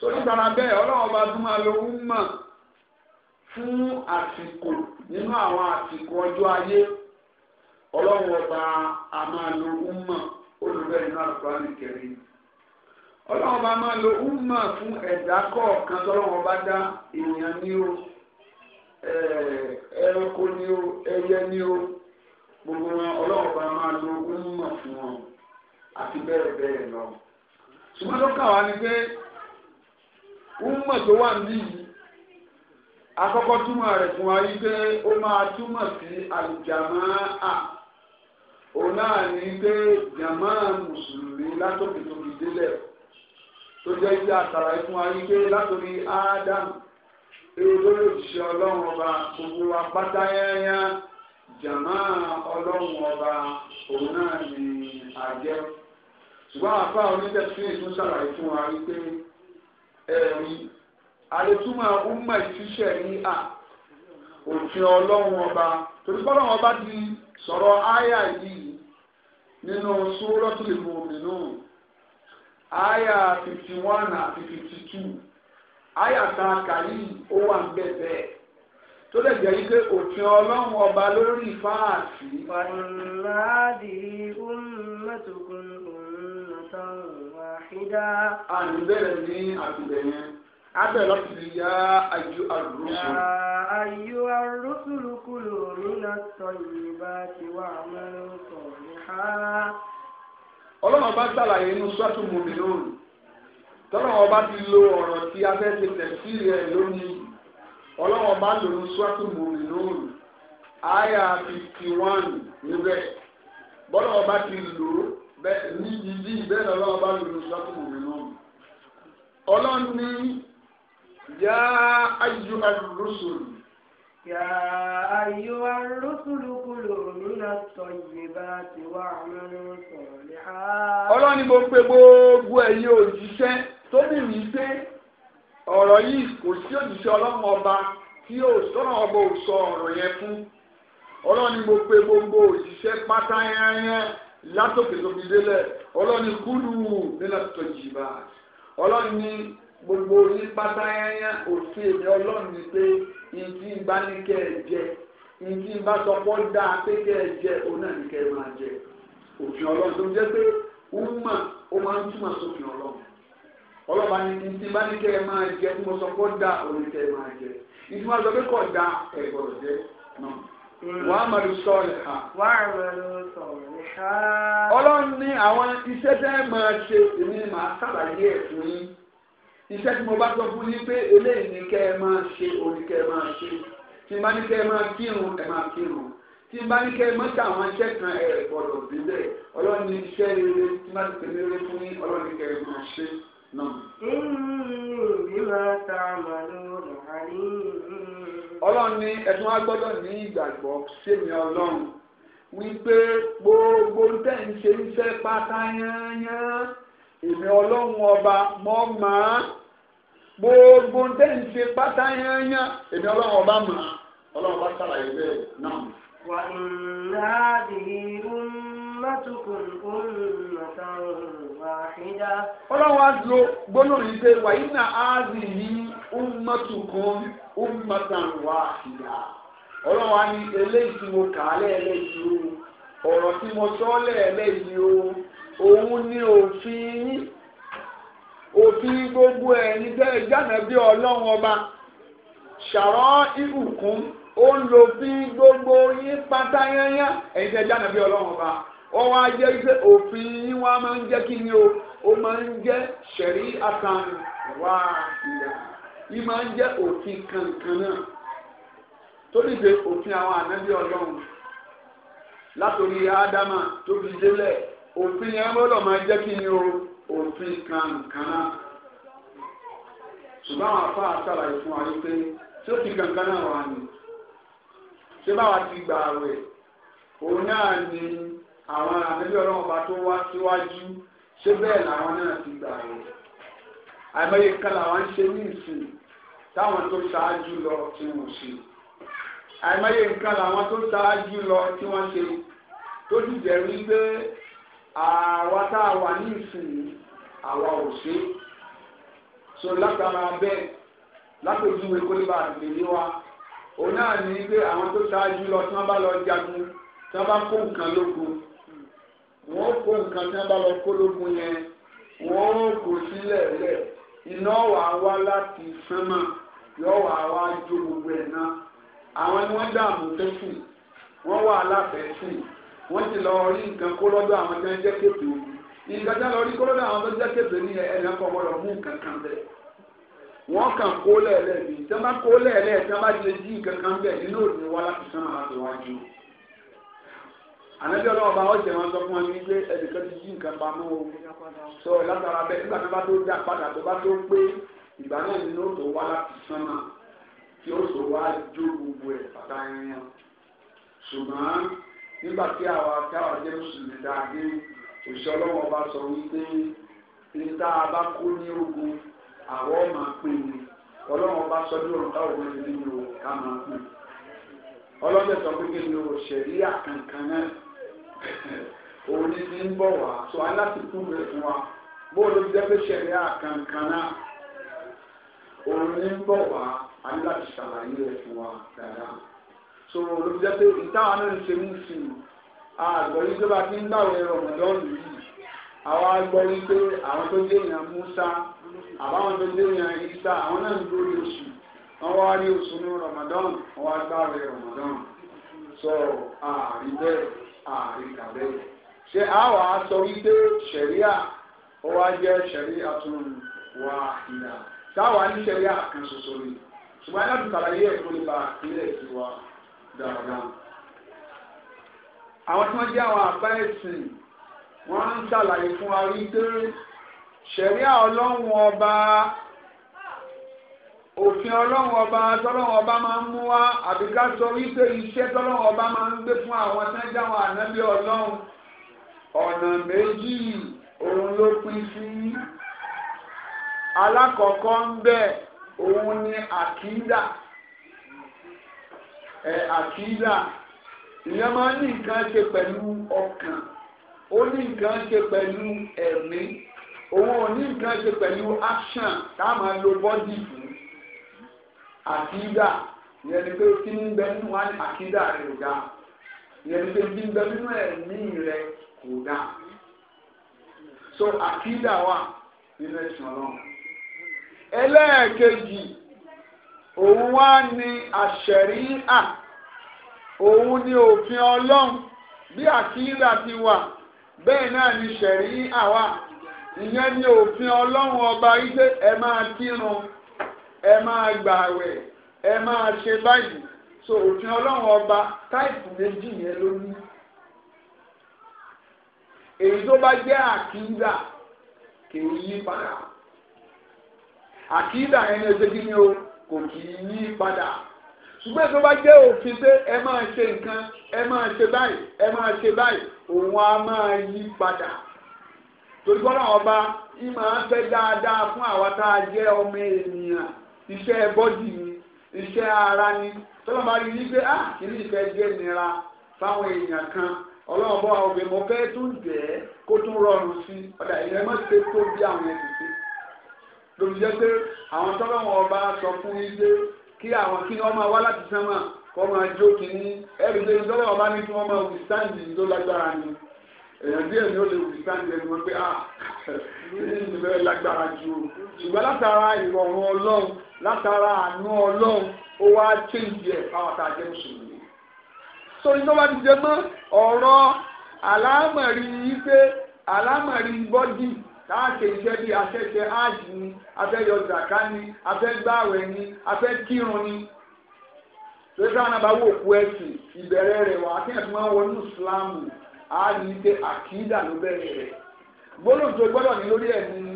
sórí bẹ́ẹ̀ máa lo umma fún àsìkò nínú àwọn àsìkò ọjọ́ ayé a máa lo olùbẹ̀ inú àlùkùránì kẹrin ọlọ́run bá máa lo umma fún ẹ̀dá kọ̀ọ̀kan tọ́lọ́run bá dá èèyàn ní o eh, ẹranko ní o ẹyẹ ní o gbogbo wọn ọlọ́run bá máa lo umma fún wọn àti bẹ́ẹ̀ bẹ́ẹ̀ lọ ṣùgbọ́n tó kà wá ni pé umma tó wà òun náà ní pé jàmá mùsùlùmí látòkè tóbi délẹ̀ tó jẹ́ ibi àtàrà fún wa wípé látòrí ádámù ewúro lòdìṣẹ́ ọlọ́run ọba gbogbo apáta yányá jàmá ọlọ́run ọba òun náà ní àjẹ́ ṣùgbọ́n àfa onídẹ̀ẹ́sìn tún ṣàlàyé fún wa wípé ẹ̀rí àletúmọ̀ ọmọ ìfíṣẹ̀ ní à òfin ọlọ́run ọba torí bọ́lọ́run ọba ti sọ̀rọ̀ áyà yìí nínú suratul mu'minun àyà fifty one àti fifty two àyà tá a kà yìí ó wà ń bẹ̀ bẹ́ẹ̀ tó lè jẹ́ wípé òfin ọlọ́run ọba lórí fáàsì. wàlúùláàdì ummatukun ummatan wahida. à ń bẹ̀rẹ̀ ní àtìlẹ̀ yẹn abẹ́ lọ́sì ti yá ayú arúgbó. yá ayú arúgbó kúlò nínú sọ ìbá tiwa mẹ́rin sọ̀rọ̀. ọlọ́run ọba ṣàlàyé inú sọ́ọ̀tù mòmìnirun tọ́lọ́run ọba ti lo ọ̀rọ̀ tí a fẹ́ ṣe tẹ̀síìrì rẹ̀ lónìí ọlọ́run ọba lò ní sọ́ọ̀tù mòmìnirun àyà fifty one níbẹ̀ ọba ti lò ní ibi bẹ́ẹ̀ ọba lò ní sọ́ọ̀tù يا أيها الرسل كلوا من الطيبات واعملوا صالحا ọlọ́run ni mo pe gbogbo ẹ̀yin òjíṣẹ́ tó ní mi pé ọ̀rọ̀ yìí kò sí òjíṣẹ́ ọlọ́run ọba tí yóò sọ̀rọ̀ ọba ò ọ̀rọ̀ yẹn fún ọlọ́run mo pe gbogbo òjíṣẹ́ pátá yẹn látòkè tó fi délẹ̀ ọlọ́run kúlù nínú àtọ̀jìbà ọlọ́run ni gbogbo yín pátáyáyá òfin èmi ọlọ́run ni pé ìdí ìbá ní ìdí ìbá sọpọ́ dáa pé kẹ́ ẹ jẹ òun náà ní kẹ́ ẹ máa jẹ òfin ọlọ́run tó jẹ́ pé umma ó máa ń túmọ̀ sófin ọlọ́run ọlọ́ba ní ìdí ìbá ní kẹ́ ẹ máa jẹ tí mo sọpọ́ dáa òun ní kẹ́ ẹ máa jẹ ìdí máa sọ pé kọ̀ dáa ẹ̀ gbọ́dọ̀ jẹ náà wà á mọ̀lú sọ̀rọ̀ ha. wà á mọ̀lú sọ̀rọ̀ ha. ọlọ́run ní àwọn iṣẹ́ tẹ́ máa ṣe èmi ni màá sàlàyé ẹ̀ fún yín iṣẹ́ tí mo bá sọ fún yín pé eléyìí ni kẹ́ ẹ máa ṣe òní kẹ́ ẹ máa ṣe tí n bá ní kẹ́ ẹ máa kírun ẹ máa kírun tí n bá ní kẹ́ ẹ máa ṣàwọn iṣẹ́ kan ẹ gbọ́dọ̀ bí ọlọ́run ní iṣẹ́ rere tí n ti tẹ̀lé rere fún yín ọlọ́run ní kẹ́ ẹ máa ṣe náà. bímọ ta màlú nàní. ọlọ́run ní ẹ̀tún wa ní ìgbàgbọ́ sẹ́mi ọlọ́run wípé gbogbo tẹ̀ ń ṣe iṣẹ́ pátá yányán èmi ọlọ́run ọba mọ́ màá gbogbo ntẹ́ǹtì pátá yányá èmi ọlọ́run ọba màá ọlọ́run bá ṣàlàyé bẹ́ẹ̀ náà. wà á nàbí ummatukum ummatan wahida. ọlọ́run á lo yìí pé wà á á ní ọlọ́run á ní eléyìí tí mo kà á lẹ́ẹ̀lẹ́yìí o ọ̀rọ̀ tí mo sọ lẹ́ẹ̀lẹ́yìí o. òun ni òfin yín òfin gbogbo ẹ bí ọlọ́run ọba ṣàrọ́ ìbùkún ó ń lo gbogbo yín pátá yányá tẹ́ ẹ bí ọlọ́run ọba wọ́n wá jẹ́ pé òfin yín wá máa jẹ́ kí ni o ó máa ń jẹ́ ṣẹ̀rí àtàn wá ìyá yín máa ń jẹ́ òfin kankan náà torí pé òfin àwọn ànábì ọlọ́run látòrí ádámà òfin yẹn ma máa jẹ́ kí ni o òfin kankana ṣùgbọ́n àwọn afá àṣàlàyé fún wa yìí pé tí ó fi kankana wà ní ṣé báwa ti gbà rẹ̀ òun náà ni àwọn àmẹ́bí ọlọ́run bá tó wá síwájú ṣé bẹ́ẹ̀ làwọn náà ti gbà rẹ̀ àìmọye kan làwọn ń ṣe ní ìsìn táwọn tó ṣáájú lọ tí wọ́n ṣe àìmọye nǹkan làwọn tó ṣáájú lọ tí wọ́n ṣe tó rí àwa tá a wà ní ìsìn àwa ò ṣe é so látara bẹ́ẹ̀ lápèjúwe kólébà àtìlẹ́yìn wa òun náà ní pé àwọn tó ṣáájú lọ tí wọ́n bá lọ jagun tí wọ́n bá kó nǹkan lógun wọ́n kó nǹkan tí wọ́n bá lọ kó lógun yẹn wọ́n kò sílẹ̀ lẹ̀ iná wà wá láti sánmà yóò wà wá jó gbogbo ẹ̀ náà àwọn ni wọ́n dààmú tẹ́sì wọ́n wà láfẹ̀ẹ́sì wọ́n ti lọ rí nǹkan kó lọ́dọ̀ àwọn tó ń jẹ́ képe nǹkan tó lọ rí kó lọ́dọ̀ àwọn tó ń jẹ́ képe ní ẹ̀ẹ́dẹ̀ kan gbọ́dọ̀ mú nǹkan kan bẹ̀ wọ́n kàn kó lẹ́ẹ̀lẹ́bi tí wọ́n bá kó lẹ́ẹ̀lẹ́bi tí wọ́n bá ti lè jí nǹkan kan bẹ̀ nínú òdì wa láti sánmà láti wájú ànábì ọlọ́wọ́ bá ọ̀jẹ̀ wọn sọ fún wọn ní pé ẹnìkan ti yí nǹkan pamọ́ o sọ látara bẹ́ẹ̀ nígbà ẹ̀ nígbà tí àwa táwa jẹ́ mùsùlùmí tá a dé òṣìṣẹ́ ọlọ́wọ́ ọba sọ wípé ní tá a bá kú ní ogun àwọn ọmọ pín ní ọlọ́wọ́ ọba sọ ní òrùka òun ní nínú ká máa pín ọlọ́dẹ sọ pé kí ni o ṣẹ̀rí àkànkàn náà òun ní ti ń bọ̀ wá sọ alásìkò rẹ̀ fún wa bóòlù jẹ́ pé ṣẹ̀rí àkànkàn náà òun ní ń bọ̀ wá aláṣàlàyé rẹ̀ fún wa dáadáa so ló fi jẹ́ pé ìtawà náà ń ṣe mú sí i àgbọ̀rí tó bá ti ń gbàwé rọ̀mọ̀dọ́ọ̀nù yìí àwọn agbọ́rí pé àwọn tó jẹ́ èèyàn Musa àbáwọn tó jẹ́ èèyàn Isa àwọn náà ń lórí oṣù wọ́n wá rí oṣù ní rọ̀mọ̀dọ́ọ̀nù wọ́n wá gbàwé rọ̀mọ̀dọ́ọ̀nù so ààrí bẹ́ẹ̀ ààrí kàbẹ́ ṣé àwa sọ wípé ṣẹ̀ríà ó wá jẹ́ ṣẹ̀ríà tún wá ìlà táwa ní ṣẹ̀ríà kan ṣoṣo ni ṣùgbọ́n aláàbùkàlà yẹ kó lè bá ilé ìtura dáadáa. àwọn tí wọ́n jẹ́ àwọn àbá ẹ̀sìn wọ́n ń ṣàlàyé fún wa rí pé ṣẹ̀ríà ọlọ́run ọba òfin ọlọ́run ọba tọ́lọ́run ọba máa ń mú wá àbí ká sọ wípé iṣẹ́ tọ́lọ́run ọba máa ń gbé fún àwọn tí wọ́n jẹ́ àwọn ànábì ọlọ́run ọ̀nà méjì òun ló pín sí alákọ̀ọ́kọ́ ń bẹ òun ni àkídà àkídà ìyẹn máa ní nǹkan ṣe pẹ̀lú ọkàn ó ní nǹkan ṣe pẹ̀lú ẹ̀mí òun ò ní nǹkan ṣe pẹ̀lú action tá a máa lo bọ́dì fún àkídà ìyẹn ni pé kí ń bẹ nínú àkídà rẹ̀ ò dáa ìyẹn ni pé kí ń bẹ nínú ẹ̀mí rẹ̀ kò dáa so àkídà wà nínú ẹ̀sìn ọlọ́run ẹlẹ́ẹ̀kejì. òun wá ní àṣẹ̀ríà òun ní òfin ọlọ́run bí àkíńdà ti wà bẹ́ẹ̀ náà ní ṣẹ̀ríà wà ìyẹn ní òfin ọlọ́run ọba ihe ẹ máa kírun ẹ máa gbààwẹ̀ ẹ máa ṣe báyìí so òfin ọlọ́run ọba táìpù méjì yẹn ló ní èyí tó bá jẹ́ àkíńdà kì í yí yẹn o. kò kì í yí padà ṣùgbọ́n tó bá jẹ́ òfin pé ẹ máa ṣe nǹkan ẹ máa ṣe báyìí ẹ máa ṣe báyìí òun á máa yí padà torí ọba yìí máa fẹ́ dáadáa fún àwa tá a jẹ́ ọmọ ènìyàn iṣẹ́ bọ́dì ni iṣẹ́ ara ni tọ́lọ́mọ rí i pé ah kìíní ìfẹ́ jẹ́ nira fáwọn èèyàn kan bọ́ àwọn obìnrin fẹ́ tún jẹ́ kó tún rọrùn sí ọ̀dà tó lórí jẹ́ pé àwọn tọ́lọ́wọ́n ọba sọ fún yín pé kí àwọn kí wọ́n máa wá láti sánmà kọ́ máa jó kínní ẹ̀rí pé tọ́lọ́wọ́n ọba ní kí wọ́n máa wù sáǹdì ló lágbára ni èèyàn díẹ̀ ni ó lè wù sáǹdì ẹni wọn pé à ẹni mi bẹ́ẹ̀ lágbára ju o ṣùgbọ́n látara ìrọ̀rùn ọlọ́run látara àánú ọlọ́run ó wá chéǹjì ẹ̀ fáwọn tá a jẹ́ mùsùlùmí. sórí tó bá ti jẹ mọ́ ọ̀rọ̀ àlámọ̀rí yìí pé àlámọ̀rí bọ́dì káàkiri iṣẹ́ bíi afẹ́fẹ́ áàjì ni afẹ́yọ zàká ni afẹ́gbàwẹ̀ ni afẹ́kírun ni lórí àwọn àbá wò kú ẹ̀sìn ìbẹ̀rẹ̀ rẹ̀ wà akẹ́yìn tó máa wọnú ìsìláàmù á ní pé àkìdà ló bẹ̀rẹ̀ rẹ̀ gbólóhùn tó gbọ́dọ̀ ní lórí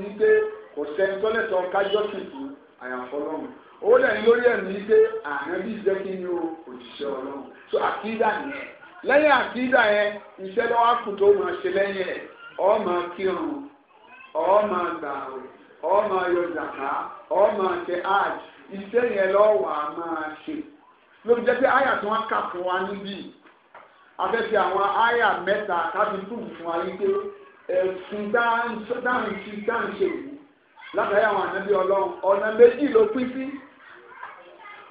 ni pé kò sẹ́ni tọ́lẹ̀tọ̀ kájọ́ tìtù àyàfọ́lọ́run ó lẹ̀ ní lórí ẹ̀mí pé àárín bí kí ni o òṣìṣẹ́ ọlọ́run ọ̀ọ́mà gbààwẹ̀ ọ̀ọ́mà yọ zàká ọ̀ọ́mà ṣe Ise yẹn lọ a máa ṣe lóbi jẹ́ pé àyà tí wọ́n kà fún wa níbí afẹ́fẹ́ àwọn àyà mẹ́ta fún wa pé ẹ̀sùn dáhùn sí dáhùn ṣe wù látàrí àwọn ànábì ọlọ́run ọ̀nà méjì ló pín sí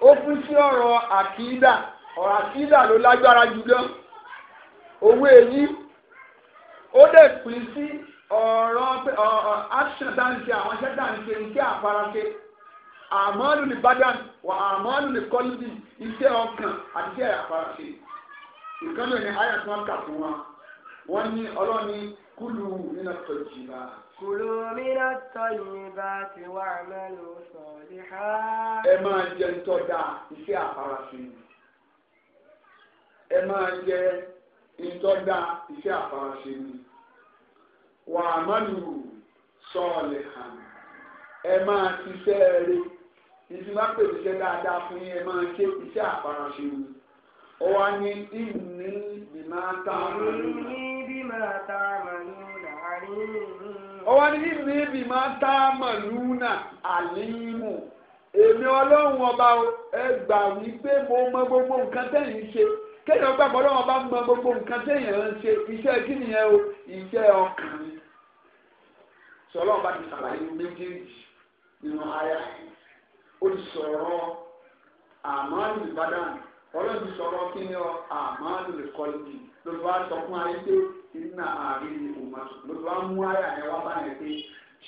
ó pín sí ọ̀rọ̀ àkídà ọ̀rọ̀ àkídà ló lágbára jùlọ èyí ó dẹ̀ pín sí ọ̀rọ̀ pé action dáńṣe àwọn iṣẹ́ dáńṣe iṣẹ́ àparase àmọ́lù ní bàdàn wà àmọ́lù ní kọ́lùbì iṣẹ́ ọkàn àti iṣẹ́ àparase ìkànnì ní àyà tí wọ́n kà fún wa wọ́n ní ọlọ́ni kúlù nínú tọ́jú bá. kúlù nínú tọ́jú bá ti wà mẹ́lò sọ̀rí ha. ẹ máa jẹ ntọ́da iṣẹ́ àparase ẹ máa jẹ ntọ́da iṣẹ́ àparase ni wà á mọ́lù sọ̀ọ̀lẹ̀ hàn ẹ máa ṣiṣẹ́ rẹ ìdí wá pè ṣiṣẹ́ dáadáa fún yín ẹ máa ṣe iṣẹ́ àfaraṣe o ó wá ní ìní bìmá tá a mọ̀ ní. ó wá ní ìní bìmá tá a mọ̀ lúnà àlímù èmi ọlọ́run ọba ẹ gbà wípé mo mọ gbogbo nǹkan tẹ̀yìn ṣe kéèyàn gbàgbọ́ lọ́wọ́ bá mọ gbogbo nǹkan téèyàn ṣe iṣẹ́ kí nìyẹn o iṣẹ́ ọkàn ni sọ ọlọ́run bá ti sàlàyé méjèèjì nínú aya ó ti sọ̀rọ̀ àmọ́nù ìbàdàn ọlọ́run ti sọ̀rọ̀ kí ni ọ àmọ́nù ìkọlùbì ló ti wá sọ fún ayé pé iná àárín ni kò máa sùn ló ti wá mú aya yẹn wá báyẹn pé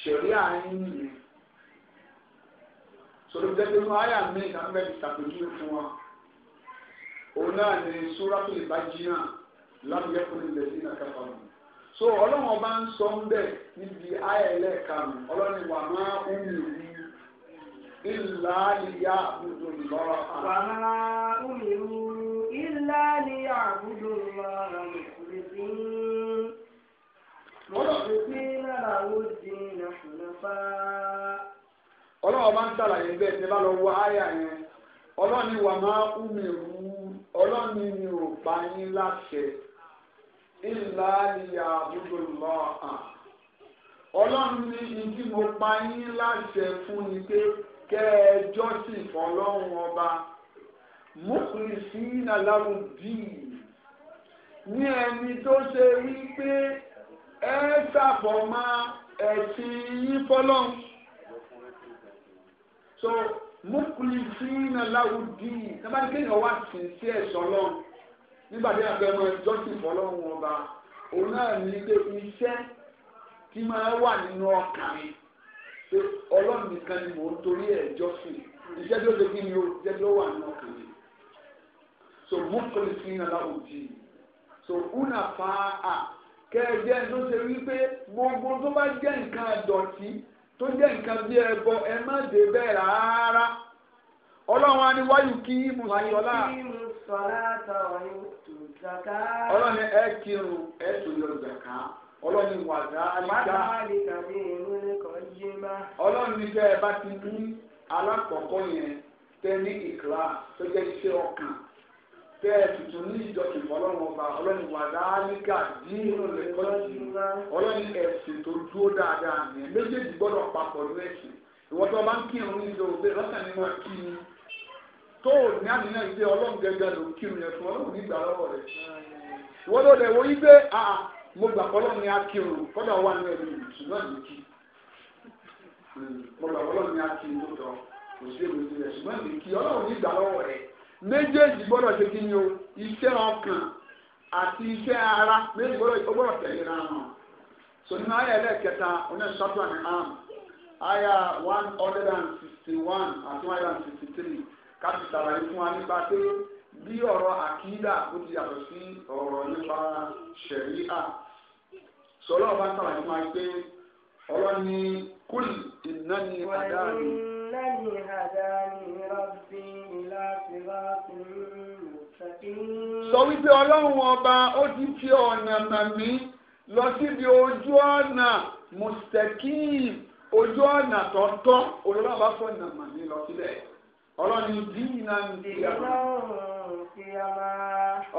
ṣẹ̀rí àárín nìyẹn sọ̀rọ̀ jẹ́ pé inú aya mi ìdáná bẹ́ẹ̀ ti sàpèjúwe fún wa òun náà ní súrátù ìbájí náà lábúyẹ́kùnrin lẹ́sìn àkàfà wọn. so ọlọ́run ọba ń sọ ń bẹ̀ níbi ayẹlẹ kanu ọlọ́run wà máa ń lù mí ọrụ ìyá àbúdò lọ́wọ́. wà máa ń lù mí ìlà ìyá àbúdò lọ́wọ́ mùsùlùmí. mùsùlùmí lára ó di ọlọ́run ọba ń bẹ́ẹ̀ tí ẹ bá lọ wọ àyà yẹn ọlọ́run ìlà ìyá àdúgbò lọ́ọ̀hà ọlọ́run ní ibi mo pa yín láṣẹ fún ni pé kẹ́ ẹ jọ́sìn fọlọ́run ọba mùkùnrin sí nàlárùn bíi ní ẹni tó ṣe wí pé ẹ ṣàfọ̀ máa ẹ̀sìn yín fọlọ́run so mùkùnrin sí nàlárùn bíi tábàdí kéèyàn wá sí sí ẹ̀sọ́ lọ́run nígbà tí àgbẹ̀ ọmọ jọ́sìn fọlọ́run ọba òun náà ní pé iṣẹ́ tí máa wà nínú ọkàn mi pé ọlọ́run nìkan ni mò ń torí ẹ̀ jọ́sìn iṣẹ́ tí ó ṣe kí ni o iṣẹ́ tí ó wà nínú ọkàn mi so mú kọ́lé sí iná láwùjì so una fa a kẹ́ẹ̀jẹ́ ló ṣe wípé gbogbo tó bá jẹ́ nǹkan àdọ̀tí tó jẹ́ nǹkan bí ẹbọ ẹ má dé bẹ́ẹ̀ rárá ọlọ́run á ní wáyù kí mùsùlùmí ọlá. ọlọ́ni ẹ kírun ẹ tó zaka ọlọ́ni wàdà àlìká ọlọ́ni tẹ ẹ bá ti mú alákọ̀ọ́kọ́ yẹn tẹ ní tó jẹ́ iṣẹ́ ọkàn tẹ ẹ tuntun ní ìjọsìn ọlọ́run ọba ọlọ́ni wàdà dínú ọlọ́ni ẹ̀sìn tó dúró dáadáa yẹn méjèèjì gbọ́dọ̀ papọ̀ ẹ̀sìn ìwọ́n tó bá ń tó o ní àníyàn ìgbé ọlọ́run gẹ́gẹ́ ló ń kírun yẹn fún ọrụ nígbà lọ́wọ́ wo yí pé ah, ah, mo gbà a kọ́dà wà ní ẹ̀mí kí mo gbà tó tọ́ kò sí èmi kí ọlọ́run nígbà lọ́wọ́ rẹ̀ méjèèjì gbọ́dọ̀ ṣe kí ni o iṣẹ́ ọkàn àti iṣẹ́ ara méjèèjì gbọ́dọ̀ tẹ̀lé káfí sàlàyé fún wa nípa pé bí ọ̀rọ̀ àkídà ó ti yàtọ̀ sí ọ̀rọ̀ nípa ṣẹ̀ríà sọlọ́ ọba sàlàyé fún wa pé ọ̀rọ̀ ni kúlì ìnáni àdáni. ìnáni àdáni rọ́bì láti ráàpù sọ wípé ọlọ́run ọba ó ti fi ọ̀nà màmí lọ síbi ojú ọ̀nà mùsítẹ́kì ojú ọ̀nà tọ́tọ́ olórí ọba fọ̀nà màmí lọ síbẹ̀ ọlọ́ni dínà ìyàmá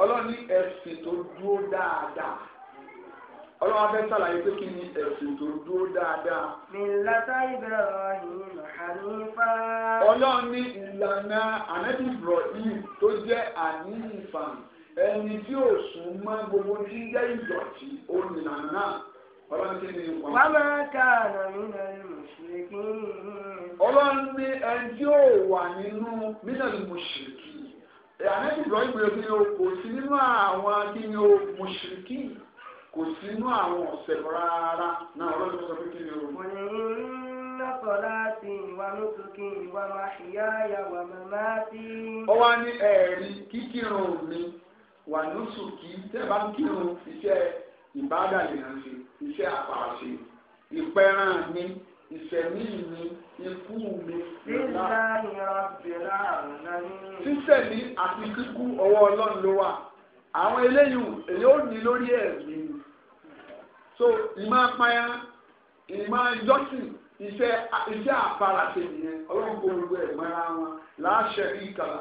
ọlọ́ni ẹ̀sìn tó dúró dáadáa ọlọ́wọ́ abẹ́ sàlàyé pé kí ni ẹ̀sìn tó dúró dáadáa. millata Ibrahim hanifa. ọlọ́ni ìlànà ànábì Ibrahim tó jẹ́ àníyàn ẹni tí ò sún mọ́ gbogbo tí ń jẹ́ ìdọ̀tí òun ìlànà náà. Wàmà kàánà nínú mùsùlùmí. Ọlọ́run ní ẹjọ́ wà nínú nínú mùsùlùmí. Ànábì Ibrahim ni o kò sí nínú àwọn kíni o mùsùlùmí kò sí nínú àwọn ọ̀sẹ̀ rárá náà ọlọ́run sọ pé kíni o. Mo ní sọ́láàtì wa nusuki wa mahiyaya wa mamati. Ó wá ní ẹ̀rí kíkírun mi wà nusuki tẹ́ bá ń kírun iṣẹ́ ìbáàdà lèèyàn ṣe iṣẹ́ àpàṣe ìpẹ́ràn mi ìṣẹ̀mí mi ikú mi. sísẹ̀mí àti kíkú ọwọ́ ọlọ́run ló wà àwọn eléyìí èyí ò ní lórí ẹ̀mí so ìmọ̀ apáyán ìmọ̀ ìjọ́sìn iṣẹ́ iṣẹ́ àpárá ṣe nìyẹn ọlọ́run kò gbogbo ẹ̀ mọ́ra wọn láṣẹ ìkàlà.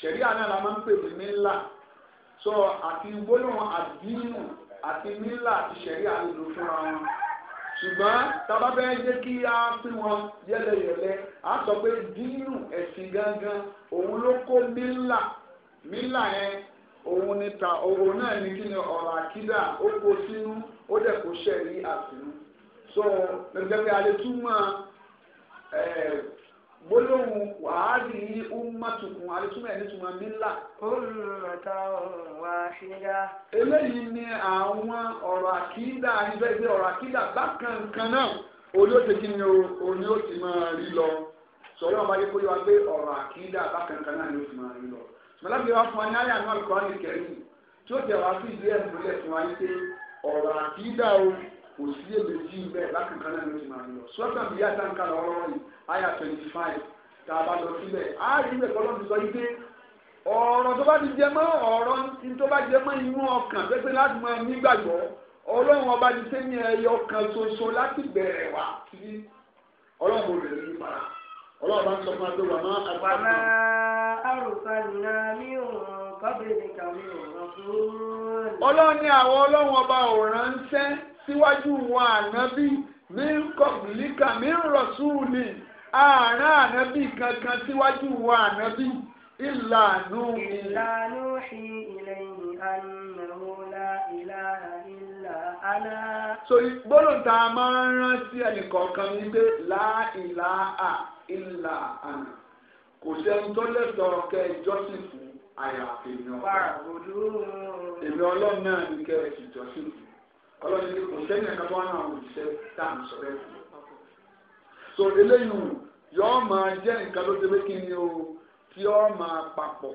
ṣẹ̀ríà náà la máa ń pè ní mílà sọ àti gbólóhùn àdínù àti mílà àti ṣẹ̀ríà ń lò fúnra wọn ṣùgbọ́n tábà bẹ́ẹ̀ jẹ́ kí a pín wọn yẹ́lẹyẹ̀lẹ́ a sọ pé dínù ẹ̀sìn gangan òun ló kó mílà mílà yẹn òun ni ta òun náà ní kí ni ọ̀rọ̀ àkídà ó kó sínú ó dẹ̀ kó ṣẹ̀rí àsínú so nígbà pé a lè túmọ̀ ẹ̀ẹ́ gbólóhùn wàhálì yìí ó má tukùn àdìtúmọ̀ ẹ̀ nítumọ̀ mílà. ummatan wahida. eléyìí ni àwọn ọ̀rọ̀ àkídà ìbẹ́gbẹ́ ọ̀rọ̀ àkídà bákan kan náà olóòtẹ́kí ni òní ó ti máa rí lọ sọ̀rọ̀ àwọn abájẹ́ kóyọ̀ wá pé ọ̀rọ̀ àkídà bákan kan náà ni ó ti máa rí lọ. mọ̀lábí wa fún wa ní àyà náà kọ́ ní kẹrin tí ó jẹ́ wá sí ìdí ẹ̀ kò sí èméjì bẹ́ẹ̀ láti kan náà ló ti máa lọ sọ́tà bí yá tá ń kà lọ́wọ́ yìí àyà twenty five tá a bá lọ síbẹ̀ á rí bẹ̀ kọ́lọ́ ti sọ yí pé ọ̀rọ̀ tó bá ti jẹ mọ́ ọ̀rọ̀ tó bá jẹ mọ́ inú ọkàn pépé láti máa nígbàgbọ́ ọlọ́run ọba ti sẹ́ ní ẹyọ kan ṣoṣo láti bẹ̀rẹ̀ wá sí ọlọ́run ò lè rí para ọlọ́run bá ń sọ fún adó wa máa àgbà tó. àmà àrùsànà mi ò kọ́bìnrin kàwé ni àwọn ọlọ́run ọba ò ránṣẹ́ síwájú wọn ànábì ní kọ̀bùlíkà ní rọ̀ṣúùlì àárín ànábì kankan síwájú wọn ànábì ìlànà òní. ìlànà òní ìlẹ́yìn ànàwó la ìlànà ìlà àná. tá a máa ń rántí ẹnìkọ̀ọ̀kan ní pé láìlà à ìlà kò sẹ́ni tó lẹ́tọ̀ọ́ kẹ́ ìjọsìn fún àyàfi náà. èmi ọlọ́run náà ní kẹ́ ìjọsìn fún ọlọ́run ní kò sẹ́yìn ẹ̀ka tó wà náà wò ṣe tá à ń sọ bẹ́ẹ̀ fún so eléyìí yọọ máa jẹ́ nǹkan tó ṣe pé kí ni o tí ọ máa papọ̀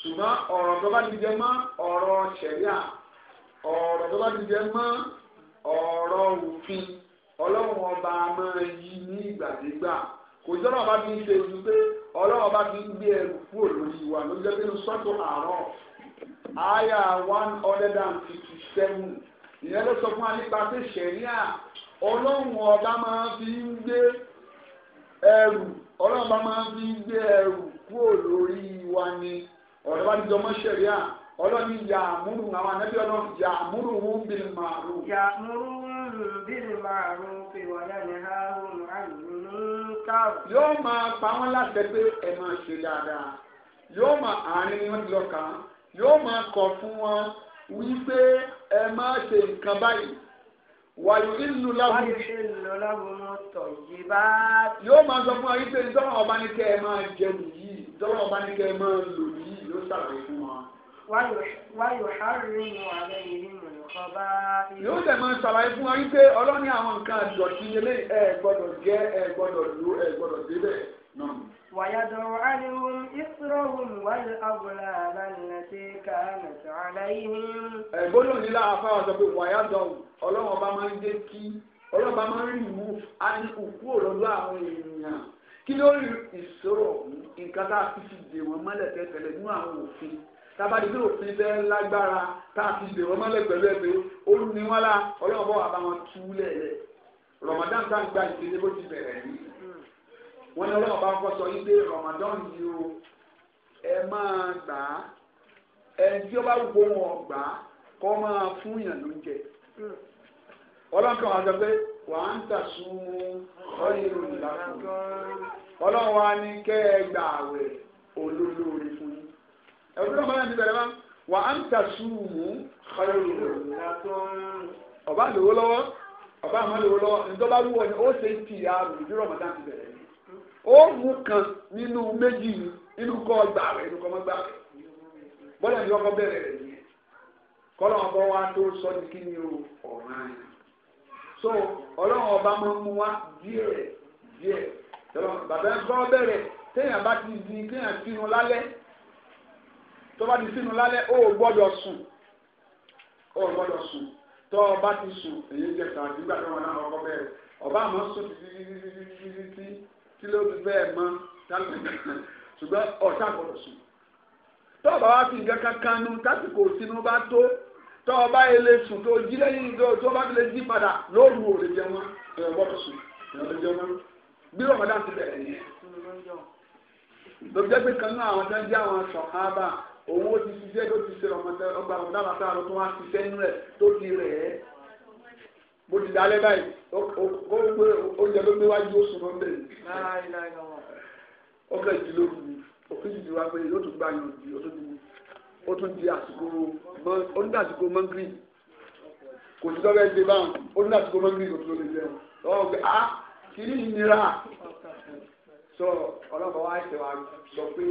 ṣùgbọ́n ọ̀rọ̀ tó bá ti jẹ mọ́ ọ̀rọ̀ ṣẹ̀ríà ọ̀rọ̀ tó bá ti jẹ mọ́ ọ̀rọ̀ òfin ọlọ́run ọba máa yí ní ìgbàdégbà kò sí ọba fi ń ṣe ojú pé ọlọ́run ọba fi ń gbé ẹrù kúrò lórí wa ló jẹ́ pé ń sọ́tò àárọ̀ àyà one hundred and fifty seven. ìyẹn ló sọ fún wa nípa ọba máa fi ń gbé ẹrù ọlọ́run ọba máa fi ń gbé ẹrù kúrò lórí wa ni ti àwọn ọlọ́run ní yóò máa pa wọn láti pé ẹ máa ṣe dáadáa yóò máa àárín wọn yóò máa fún wọn wípé ẹ má ṣe nǹkan báyìí wàyò ìlú lábùú. wàyò ìlú lábùú mọ tọ̀ yìí bá. yóò máa sọ fún wa wípé ìdọ́rọ̀ ọba ní kẹ́ ẹ máa jẹ nìyí ìdọ́rọ̀ ọba ní kẹ́ ẹ máa lò nìyí yóò ṣàlàyé fún wa. wàyò hàrù mu àlẹ́ yìí mọ̀ nìkan bá. yóò dẹ̀ máa ṣàlàyé fún wa wípé ọlọ́ni àwọn nǹkan àjọ̀tí ilé ẹ̀ gbọ́dọ̀ jẹ́ ẹ̀ gbọ́dọ̀ lò ẹ̀ gbọ́dọ̀ débẹ̀. ويدعو عنهم إصرهم والأغلال التي كانت عليهم. gbólóhùn nílá afá wa sọ pé wàyádọ̀ ọlọ́run ọba máa ń dé kí ọlọ́run ọba máa ń rìn mú àìkú òrọ̀lọ́ àwọn èèyàn kí ló rí ìṣòro nǹkan tá a fi ti dè wọ́n mọ́lẹ̀ tẹ́tẹ́lẹ̀ nínú àwọn òfin tabadi bí òfin bẹ́ẹ̀ lágbára tá a fi dè wọ́n mọ́lẹ̀ pẹ̀lú ẹgbẹ́ olùníwọ́lá ọlọ́run bọ́ àbá wọn tú lẹ̀ lẹ̀ Ramadan tá a gba ìpele bó ti bẹ̀rẹ̀ yìí wọ́n ní ọlọ́run bá kọ́ sọ yí pé Ramadan yìí o ẹ máa gbà á ẹni tí ó bá wù wọn gbà á kọ́ máa fún yàn lóúnjẹ ọlọ́run kan wà sọ pé wà á ń tàṣùn ọ̀yẹ̀rù ìlàkùn ọlọ́run wa ní kẹ́ ẹ gbà àwẹ̀ olólóore fún yín ẹ̀rù ló máa ń bẹ̀rẹ̀ máa wà á ń tàṣùn ọ̀yẹ̀rù ìlàkùn ọba lówó lọ́wọ́ ọba àmọ́ lówó lọ́wọ́ ǹjọ́ bá wù ni ó ṣe ń tì í àrùn ìdúró ọmọdé àti bẹ̀rẹ̀ ó mú kan nínú méjì nínú kọ́ gbà rẹ̀ nínú kọ́ mọ́ gbà rẹ̀ bọ́lá ní ọkọ bẹ̀rẹ̀ rẹ̀ nìyẹn kọ́lọ́ ọba wa tó sọ ní kí ni o ọ̀ràn yẹn so ọlọ́run ọba máa ń mú wa díẹ̀ díẹ̀ tọ́lọ́ bàbá ẹgbẹ́ bẹ̀rẹ̀ téèyàn bá ti di kéèyàn sínú lálẹ́ tó bá ti sínú lálẹ́ ó gbọ́dọ̀ sùn ó gbọ́dọ̀ sùn tọ́ ọba ti sùn èyí jẹ tàbí gbàdúrà náà ọkọ bẹ̀rẹ̀ ọba àmọ́ sùn títí títí títí tí ló fi bẹ́ẹ̀ mọ́ ṣùgbọ́n ọ̀tá gbọ́dọ̀ sùn tó o bá wá fi nǹkan kankan nu tásìkò sínú bá tó tó o bá yẹlẹ sùn tó jí lẹ́yìn tó tó bá tilẹ̀ jí padà lóru ò lè jẹun ẹ̀rọ gbọ́dọ̀ sùn ẹ̀rọ lè jẹun bí rọ̀mọ́dán ti bẹ̀rẹ̀ yẹn lóbi jẹ́ pé kan náà àwọn tó ń jẹ́ àwọn sọ̀hábà owó ti ṣiṣẹ́ tó ti ṣe ọmọdé ọgbà ọmọdé àbátára tó wá ṣiṣẹ́ nínú rẹ̀ tó ti rẹ̀ ẹ́ mo ti o o o gbé oúnjẹ ló o ó sùn lóde o kẹ́ ìdí lóru o òfin ìdí wa o yóò tún gbá o di o tún di o tún di àsìkò o ní àsìkò mọ́ngírì kò sí lọ́wọ́ ẹgbẹ́ báwọn o ní àsìkò mọ́ngírì kò o lè o lọ́wọ́ pé á ah, kiri ìnira sọ ọlọ́pàá wa ṣe wa sọ pé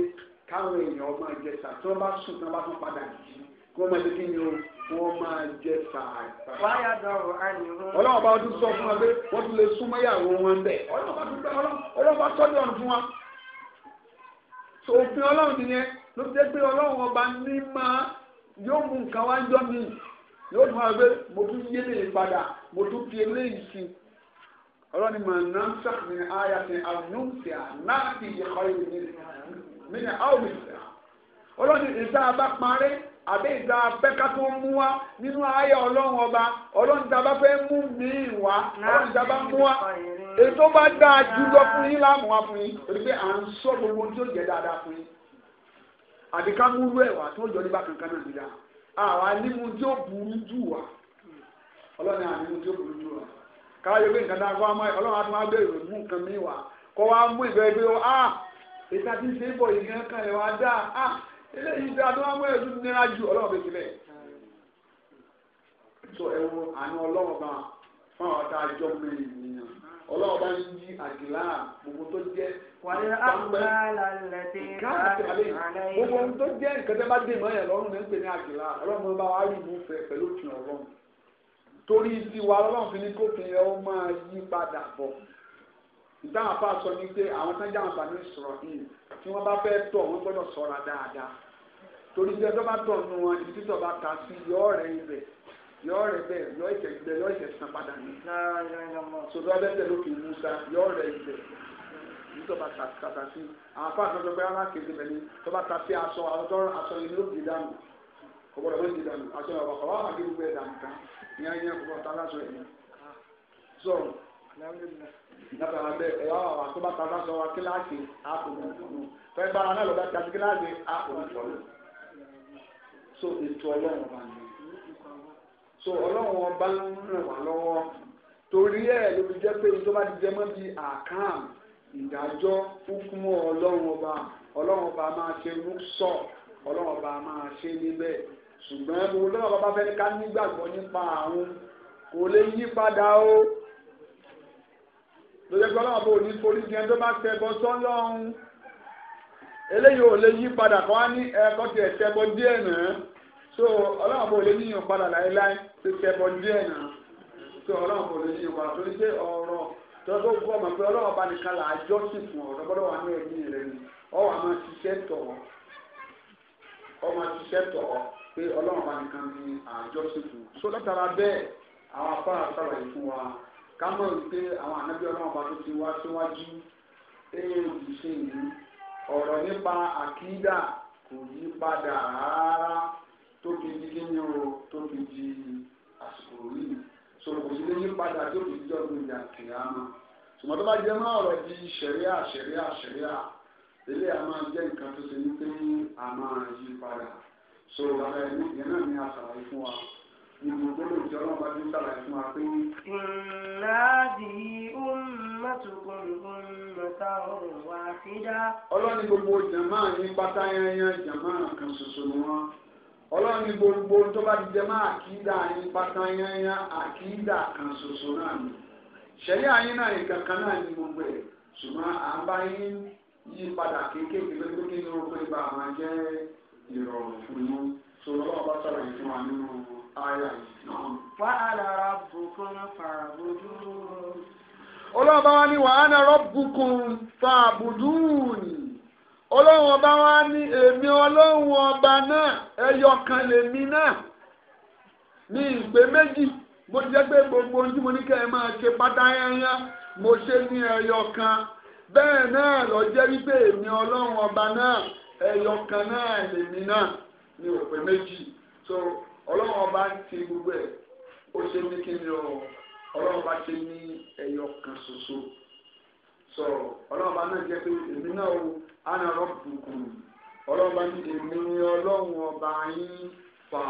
káwọn èèyàn máa jẹ sà tí wọ́n bá sùn tí wọ́n bá tún padà jí kí wọ́n máa ṣe kí ni o wọ́n máa jẹ sàárà. wáyà dọ̀rọ̀ àyìnbó. ọlọ́wọ́ bá tún sọ fún wa pé wọ́n tún lè súnmọ́ ìyàwó wọn bẹ̀. ọlọ́wọ́ bá tọ́jú ọ̀run fún wa. òfin ọlọ́run nìyẹn ló ti jẹ́ pé ọlọ́run ọba ní máa yóò mú nǹkan wá jọ mi yóò tún wá pé mo tún yé lè padà mo tún fi eléyìí sí i. ọlọ́run ni màá ná sàmì àyà sí àmúṣe àná àti ìyẹ̀kọ́ ìrìn mi ni àwọn àbẹ́yìn tá a fẹ́ mú wa nínú ayé ọlọ́run ọba ọlọ́run a bá fẹ́ mú míì wá ọlọ́run mú wa ètò bá dáa jùlọ fún yín láàmú wa fún yín pé à ń sọ gbogbo tí ó kankan náà nígbà àwa tí ó burú jù wá tí ó burú jù wá káyọ̀ pé nǹkan dáa ọlọ́run àti wọn mú eléyìí tí a mú ẹ̀sùn nira ju ọlọ́run fi sílẹ̀ so ẹ̀wọ̀n àánú ọlọ́run bá fún àwọn tá a jọ mú ènìyàn ọlọ́run bá ń yí àdìlá gbogbo tó jẹ́ gbàgbẹ́ gbogbo tó jẹ́ nǹkan tẹ́ bá dè mọ́ yẹn lọ́rùn ní ń pè ọlọ́run bá wà á rí ìmúfẹ́ pẹ̀lú òfin ọlọ́run torí tiwa ọlọ́run fi ní kófin ẹ ó máa yí padà bọ̀ ìtàn àfa sọ ni pé àwọn tán jáwọn bá ní sọ̀rọ̀ yìí tí wọ́n bá fẹ́ tọ̀ wọ́n gbọ́dọ̀ ṣọ́ra dáadáa torí bí ẹjọ́ bá tọ̀ nù wọn ibi títọ̀ bá ta sí yọ rẹ̀ ibẹ̀ yọ rẹ̀ bẹ̀ yọ ìṣẹ̀ gbẹ yọ ìṣẹ̀ san padà ní. sọdọ́ abẹ́tẹ̀ ló fi mú sa yọ rẹ̀ ibẹ̀ títọ̀ bá ta sí àwọn afá àtọ́jọ́ pé ara kéde bẹ̀lẹ́ tó bá ta sí aṣọ àtọ́jọ́ aṣọ yìí ló di dànù ọ̀gbọ́dọ̀ ló di dànù aṣọ yàrá ọ̀wá àgbẹ̀ gbogbo ẹ̀ dànù kan ìyá ìyá ọ̀gbọ́dọ̀ ta aláṣọ yìí látara bẹ́ẹ̀ ẹ̀ ọ́ àwọn tó bá ta bá sọ wa kíláàsì àpòlùsọ̀nù fẹ́ bára so ọlọ́run ọba ń ràn wá lọ́wọ́ torí ẹ̀ ló fi jẹ́ pé tó bá ti jẹ mọ́ bíi àkàm ìdájọ́ fúnfúnmọ́ ọlọ́run ọba ọlọ́run ọba máa ṣe rúksọ ọlọ́run ọba máa ṣe níbẹ̀ ṣùgbọ́n ọlọ́run ọba bá fẹ́ ká nígbàgbọ́ nípa àwọn kò lè yí padà o lójẹ́ pé ọlọ́run bò ní forí jẹun tó bá tẹ bọ sọ́lọ́run eléyìí ò lè yí padà kọ́ ní ẹ̀kọ́ ti ẹ̀ tẹ bọ díẹ̀ náà so ọlọ́run bò lè yíyan padà láéláé ti tẹ bọ díẹ̀ náà so ọlọ́run bò lè yíyan padà torí pé ọ̀rọ̀ tọ́jú gbọ́ mọ̀ pé ọlọ́run bá nìkan là á jọ́sìn fún ọ̀rọ̀ gbọ́dọ̀ wà ní ẹ̀mí rẹ̀ ni ọwọ́ àmọ́ ṣiṣẹ́ tọ̀ ọmọ ṣiṣẹ́ tọ̀ pé ọlọ́run bá nìkan ní àjọsìn fún so látara bẹ́ẹ̀ àwọn afárá sábà yìí fún wa kámọ̀ wípé àwọn ànábì ọlọ́run bá tó ti wá síwájú éèdì ṣe ìlú ọ̀rọ̀ nípa àkídà kò yí padà rárá tó fi di kíni o tó fi di àsìkò yìí sọ̀rọ̀ kò sí lè yí padà tó fi di ọdún ìyá kìlámà ṣùgbọ́n tó bá jẹ́ mọ́ ọ̀rọ̀ di ṣẹ̀ríà ṣẹ̀ríà ṣẹ̀ríà ilé a jẹ́ nǹkan tó ṣe ní pé a yí padà sọ̀rọ̀ lára ẹni ìyẹn náà ni a ṣàlàyé fún wa nínú gbọ́dọ̀ ìjọ náà bá wa pé. inna di ummatukum ummatan wahida. ọlọ́ni gbogbo jàmá ní pátá yányán jàmá kan ṣoṣo ni wọ́n. ọlọ́ni gbogbo tó bá ti jẹmọ́ àkídà ní pátá yányán àkídà kan ṣoṣo náà ni. ṣẹ̀yà yín náà nìkan kan náà ní gbogbo ẹ̀ ṣùgbọ́n à ń bá yín yí padà kéékèèké lọ́dún kí ni ó àwọn jẹ́ ìrọ̀rùn fún yín. sọlọ́wọ́ bá sọ̀rọ̀ yìí fún wa nínú àyà yìí. wà á lára bùkún fàbùdù. ọlọ́ọ̀bá wa ní wàá nà rọ́bùkún ni ọlọ́run ọba wa ní èmi ọlọ́run ọba náà ẹyọ kan lèmi náà ní ìgbé méjì mo jẹ́ pé gbogbo ohun mo ní kẹ́ ẹ máa ṣe pátá yányá mo ṣe ní ẹyọ kan bẹ́ẹ̀ náà lọ jẹ́ wípé èmi ọlọ́run ọba náà ẹyọ kan náà lèmi náà ní òpè méjì so ọlọ́run ọba ti gbogbo ẹ̀ ó ṣe ní kí ni o ọlọ́run ọba ní ẹyọ kan ṣoṣo sọ ọlọ́run ọba náà jẹ́ pé èmi náà o rọ bùkù ọlọ́run ọba ní èmi ni ọlọ́run ọba yín fà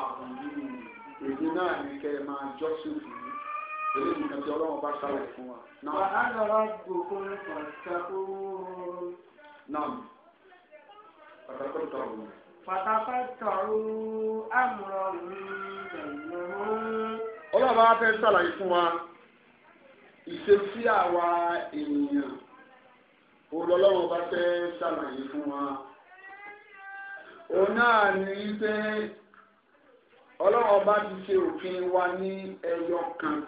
èmi náà ní kẹ́ ẹ máa fàtàkọ́tọ̀rù àmúrọ̀ amụrụ á fẹ́ sàlàyé fún wa ìṣesí àwa ènìyàn olọ́lọ́run bá fẹ́ sàlàyé fún wa òun náà ní pé ọlọ́run ọba ti ṣe òfin wa ní ẹyọ kan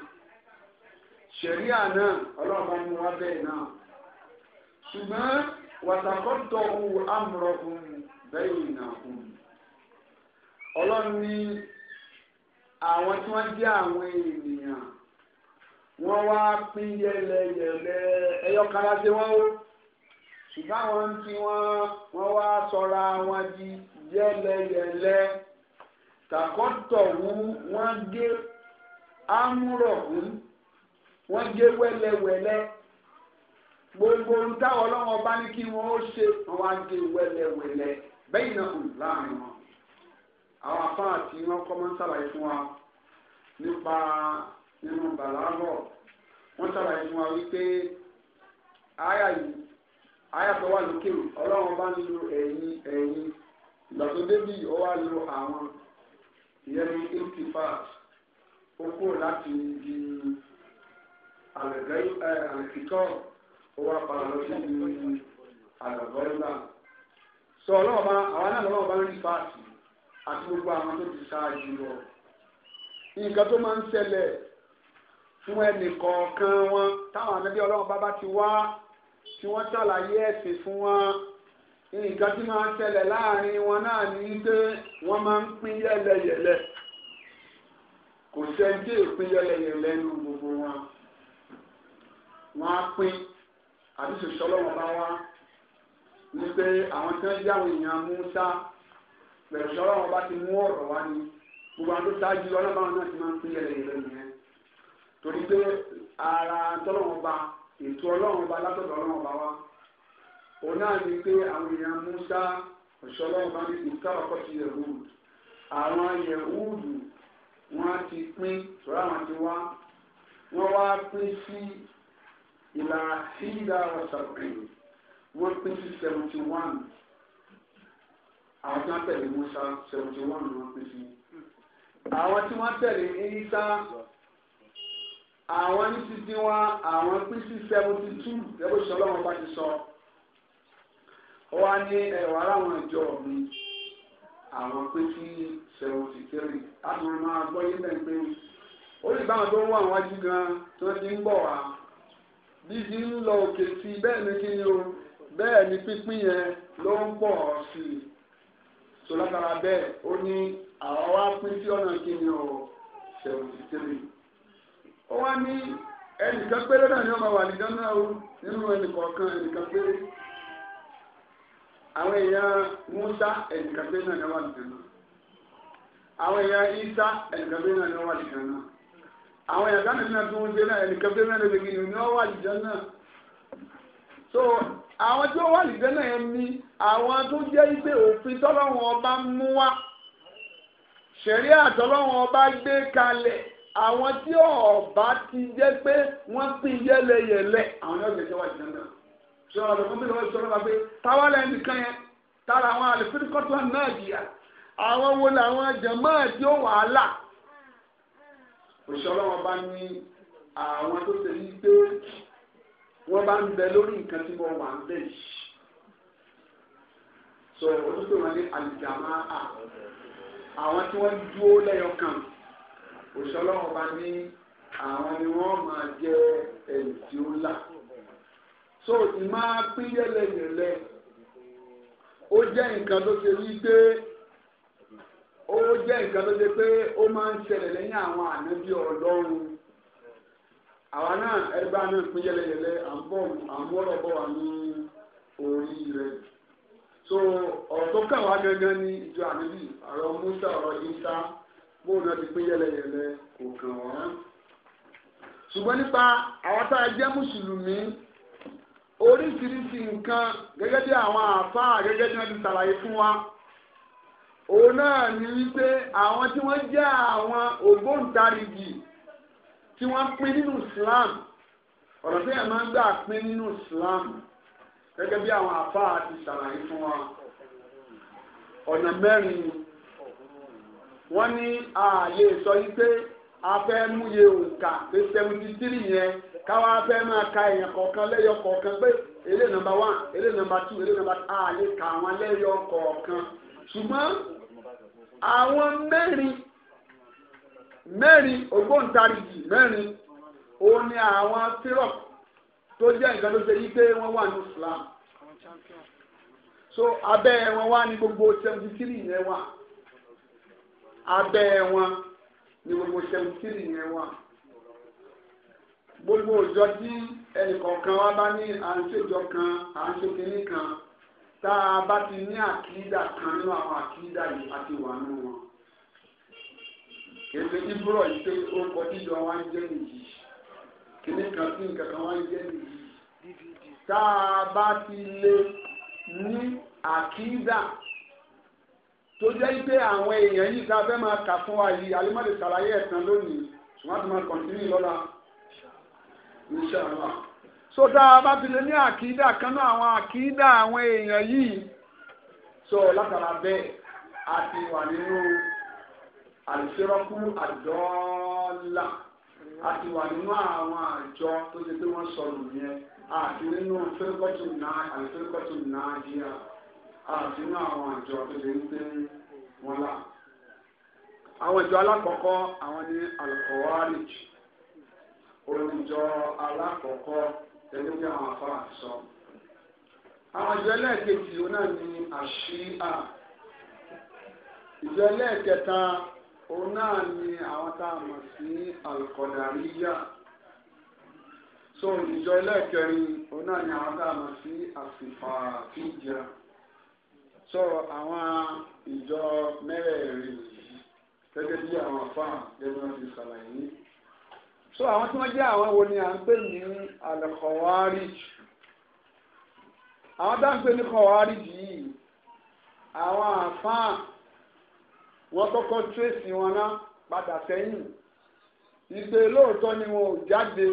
ṣẹ̀ríà náà ọlọ́run bá mú wa bẹ́ẹ̀ náà ṣùgbọ́n wàtàkọ́tọ̀rù bẹ́yìn nàkùn. ọlọ́run ní àwọn tí wọ́n jẹ́ àwọn ènìyàn wọ́n wá pín yẹlẹyẹlẹ ẹyọkara sí wọn o ṣùgbọ́n àwọn tí wọ́n wọ́n wá sọra wọn di yẹlẹyẹlẹ tàkọ́tọ̀ wú wọ́n gé ámúrọ̀ wú wọ́n gé wẹ́lẹ́wẹ́lẹ́ gbogbo ohun táwọn ọlọ́wọ́n bá ní kí wọ́n ó ṣe wọ́n á gé wẹ́lẹ́wẹ́lẹ́ bẹ́yìn náà kù láàrin wọn àwọn afáà tí wọ́n kọ́ máa ń ṣàlàyé fún wa nípa nínú bàlágọ̀ wọ́n ṣàlàyé fún wa wípé àyà yìí àyà tó wà lókè ọlọ́run bá ń lo ẹ̀yìn ẹ̀yìn ìgbà tó débì ó wá lo àwọn ìyẹn ní eighty five ó kúrò láti di àlẹ́kìkọ́ ó wá padà lọ sí àlẹ́kọ́ ìlànà sọ ọlọ́wọ́ bá àwọn náà lọ́wọ́ bá ń rí fáàtì àti gbogbo àwọn tó ti ṣáájú lọ. nǹkan tó máa ń ṣẹlẹ̀ fún ẹnì kọ̀ọ̀kan wọn táwọn ànábì ọlọ́wọ́ bá bá ti wá tí wọ́n ṣàlàyé ẹ̀sìn fún wọn nǹkan tí máa ń ṣẹlẹ̀ láàrin wọn náà ní pé wọ́n máa ń pín yẹ̀lẹ̀yẹ̀lẹ̀ kò sẹ́ńtì ìpín yẹ̀lẹ̀yẹ̀lẹ̀ nínú gbogbo wọn wọ́n á pín àdúṣe sọlọ́wọ́n bá wá ní pé àwọn tí wọ́n jẹ́ àwọn èèyàn Musa pẹ̀lú sọ́wọ́ àwọn bá ti mú ọ̀rọ̀ wá ni gbogbo àwọn tó ṣáájú ọlọ́mọbàwọn náà ti máa ń pín yẹlẹyẹlẹ nìyẹn torí pé ara tọ́lọ́wọ́n ba ètò ọlọ́wọ́n ba látọ̀dọ̀ ọlọ́wọ́n ba wa òun náà ní pé àwọn èèyàn Musa ọ̀ṣọ́lọ́wọ́n bá ní ìtọ́rọ̀ kọ́ ti Yehud àwọn Yehudu wọ́n ti pín sọ̀rọ̀ àwọn ti wá wọ́n wá pín sí ìlà sí ọ̀sàkùnrin wọ́n pín sí seventy one àwọn tí wọ́n tẹ̀lé musa seventy one ni wọ́n pín sí àwọn tí wọ́n tẹ̀lé isa àwọn ní títí wọn àwọn pín sí seventy two ẹgbẹ́ òṣìṣẹ́ ọlọ́run bá ti sọ wọ́n á ní ẹ̀rọ aláwọn ìjọ mi àwọn pín sí seventy three láti wọn máa yín bẹ́ẹ̀ pé orí ìbáwọn tó ń wá àwọn gan tí wọ́n ti ń bọ̀ wá bí ti ń lọ òkè sí bẹ́ẹ̀ ni kí ni o. bẹ́ẹ̀ ni pínpín yẹn ló ń pọ̀ sí i tó látara bẹ́ẹ̀ ó ní wá pín sí ọ̀nà kíni o seventy three ó wá ní ẹnìkan péré náà ni wọ́n máa wà ní o nínú ẹnìkọ̀ọ̀kan ẹnìkan péré àwọn èèyàn Musa ẹnìkan péré náà ni wọ́n wà ní gánà àwọn èèyàn Isa ẹnìkan péré náà ni wọ́n wà ní gánà àwọn èèyàn gánà nínú ẹnìkan péré náà ni wọ́n wà ní so. àwọn tí wọ́n wà lìdẹ́ náà ní àwọn tó jẹ́ ipe òfin tọ́lọ́wọ́n ọba mú wá ṣẹ̀rí àtọ́lọ́wọ́n ọba gbé kalẹ̀ àwọn tí ọba ti jẹ́ pé wọ́n pín yẹ́lẹyẹ̀lẹ àwọn yóò lè jẹ́ wà lìdẹ́ náà ṣé ọ̀dọ̀ fún mi lọ́wọ́ sọ́dọ̀ wá pé táwa lẹ́nu nìkan yẹn tára àwọn àlùfín kọ́tùlá náà dìyà àwọn wo làwọn jẹ̀mọ́ ẹ̀ tí ó wàhálà òṣèlú ọlọ́wọ́n bá ní àwọn tó ṣe yí pé wọ́n bá ń bẹ lórí nǹkan tí wọ́n wà ń bẹ̀ yìí so olùgbé wọn ní àlìjàmá à àwọn tí wọ́n dúró lẹ́yọ̀kan òṣèlọ́wọ́n bá ní àwọn ni wọ́n máa jẹ ẹ̀yìn tí ó là so ìmọ̀ pínyẹ̀lẹ̀yẹ̀lẹ̀ ó jẹ́ nǹkan tó ṣe wí pé ó jẹ́ nǹkan tó ṣe pé ó máa ń ṣẹlẹ̀ lẹ́yìn àwọn ànábì Ọlọ́run àwọn náà ẹgbẹ́ àná pín yẹlẹyẹlẹ àmúọ̀rọ̀ bọ̀ wá ní orí rẹ̀ so ọ̀rọ̀ tó kàn wá gangan ní ìjọ ànábì ọ̀rọ̀ musa ọ̀rọ̀ isa bóun náà ti pín yẹlẹyẹlẹ kò kàn wá. ṣùgbọ́n nípa àwọn tá a jẹ́ mùsùlùmí oríṣiríṣi nǹkan gẹ́gẹ́ bí àwọn àfáà gẹ́gẹ́ bí wọ́n ti ṣàlàyé fún wa òun náà ní wípé àwọn tí wọ́n jẹ́ àwọn ògbóǹtarìgì tí wọ́n pín nínú Islam ọ̀nà tí ẹ̀ máa ń gbà pín nínú Islam gẹ́gẹ́ bí àwọn àfáà ti ṣàlàyé fún wa ọ̀nà mẹ́rin wọ́n ní ààyè sọ yìí pé a fẹ́ mú iye òǹkà pé seventy three yẹn káwa fẹ́ máa ka èèyàn kọ̀ọ̀kan lẹ́yọ kọ̀ọ̀kan pé eré nọ́mbà one eré nọ́mbà two eré nọ́mbà three ààyè kà wọ́n lẹ́yọ kọ̀ọ̀kan ṣùgbọ́n àwọn mẹ́rin mẹ́rin ògbóǹtarìgì mẹ́rin òun ni àwọn syrup tó jẹ́ nǹkan tó ṣe yí pé wọ́n wà ní Islam so abẹ́ wọn wá ní gbogbo seventy three yẹn wà abẹ́ wọn ní gbogbo seventy three yẹn wà gbogbo òjọ tí ẹnìkọ̀ọ̀kan wa bá ní à ń ṣèjọ kan à ń ṣe kinní kan tá a bá ti ní àkídà kan nínú àwọn àkídà yìí àti wà nínú wọn kìí ṣe ibúrọ̀ yìí pé orúkọ jíjọ wa ń jẹ́ nìyí kìíní kan sí nǹkan kan wa ń jẹ́ nìyí tá a bá ti lè ní àkíńdà tó jẹ́ pé àwọn èèyàn yìí tá a fẹ́ máa kà fún wa yìí alimọ́lẹ̀ ṣàlàyé ẹ̀sán lónìí ṣùgbọ́n a ti máa kọ̀ǹtínú lọ́la inṣàlá so tá a bá ti lè ní àkíńdà kan àwọn àkíńdà àwọn èèyàn yìí sọ látara bẹ́ẹ̀ a wà nínú àìsírọ́kú àjọ́ọ́là àti wà nínú àwọn àjọ tó ti pé wọ́n sọnù yẹn àti nínú fẹ́rẹ́kọ́tù náà àti fẹ́rẹ́kọ́tù náà díà àti nínú àwọn àjọ tó ti ń pé wọ́n là. àwọn ìjọ alákọ̀ọ́kọ́ àwọn ní alkọ̀wárìj olùjọ alákọ̀ọ́kọ́ ẹni bí àwọn afárá ti sọ. àwọn ìjọ ẹlẹ́ẹ̀kejì òun náà ní àṣíà ìjọ ẹlẹ́ẹ̀kẹta òun náà ni àwọn tá a mọ̀ sí alukọ̀dàríyà so ìjọ ẹlẹ́ẹ̀kẹrin òun náà ni àwọn tá a mọ̀ sí àsìfàfíjà so àwọn ìjọ mẹ́rẹ̀ẹ̀rin yìí gẹ́gẹ́ bí àwọn fáà gẹ́gẹ́ bí sàlàyé so àwọn tí wọ́n jẹ́ àwọn wo ni à ń pè ní alukọ̀wárìj àwọn tá à ń pè ní kọ̀wárìj yìí àwọn àfáà wọ́n kọ́kọ́ tírèsì wọn ná padà sẹ́yìn ìpè lóòótọ́ ni wọn ò jáde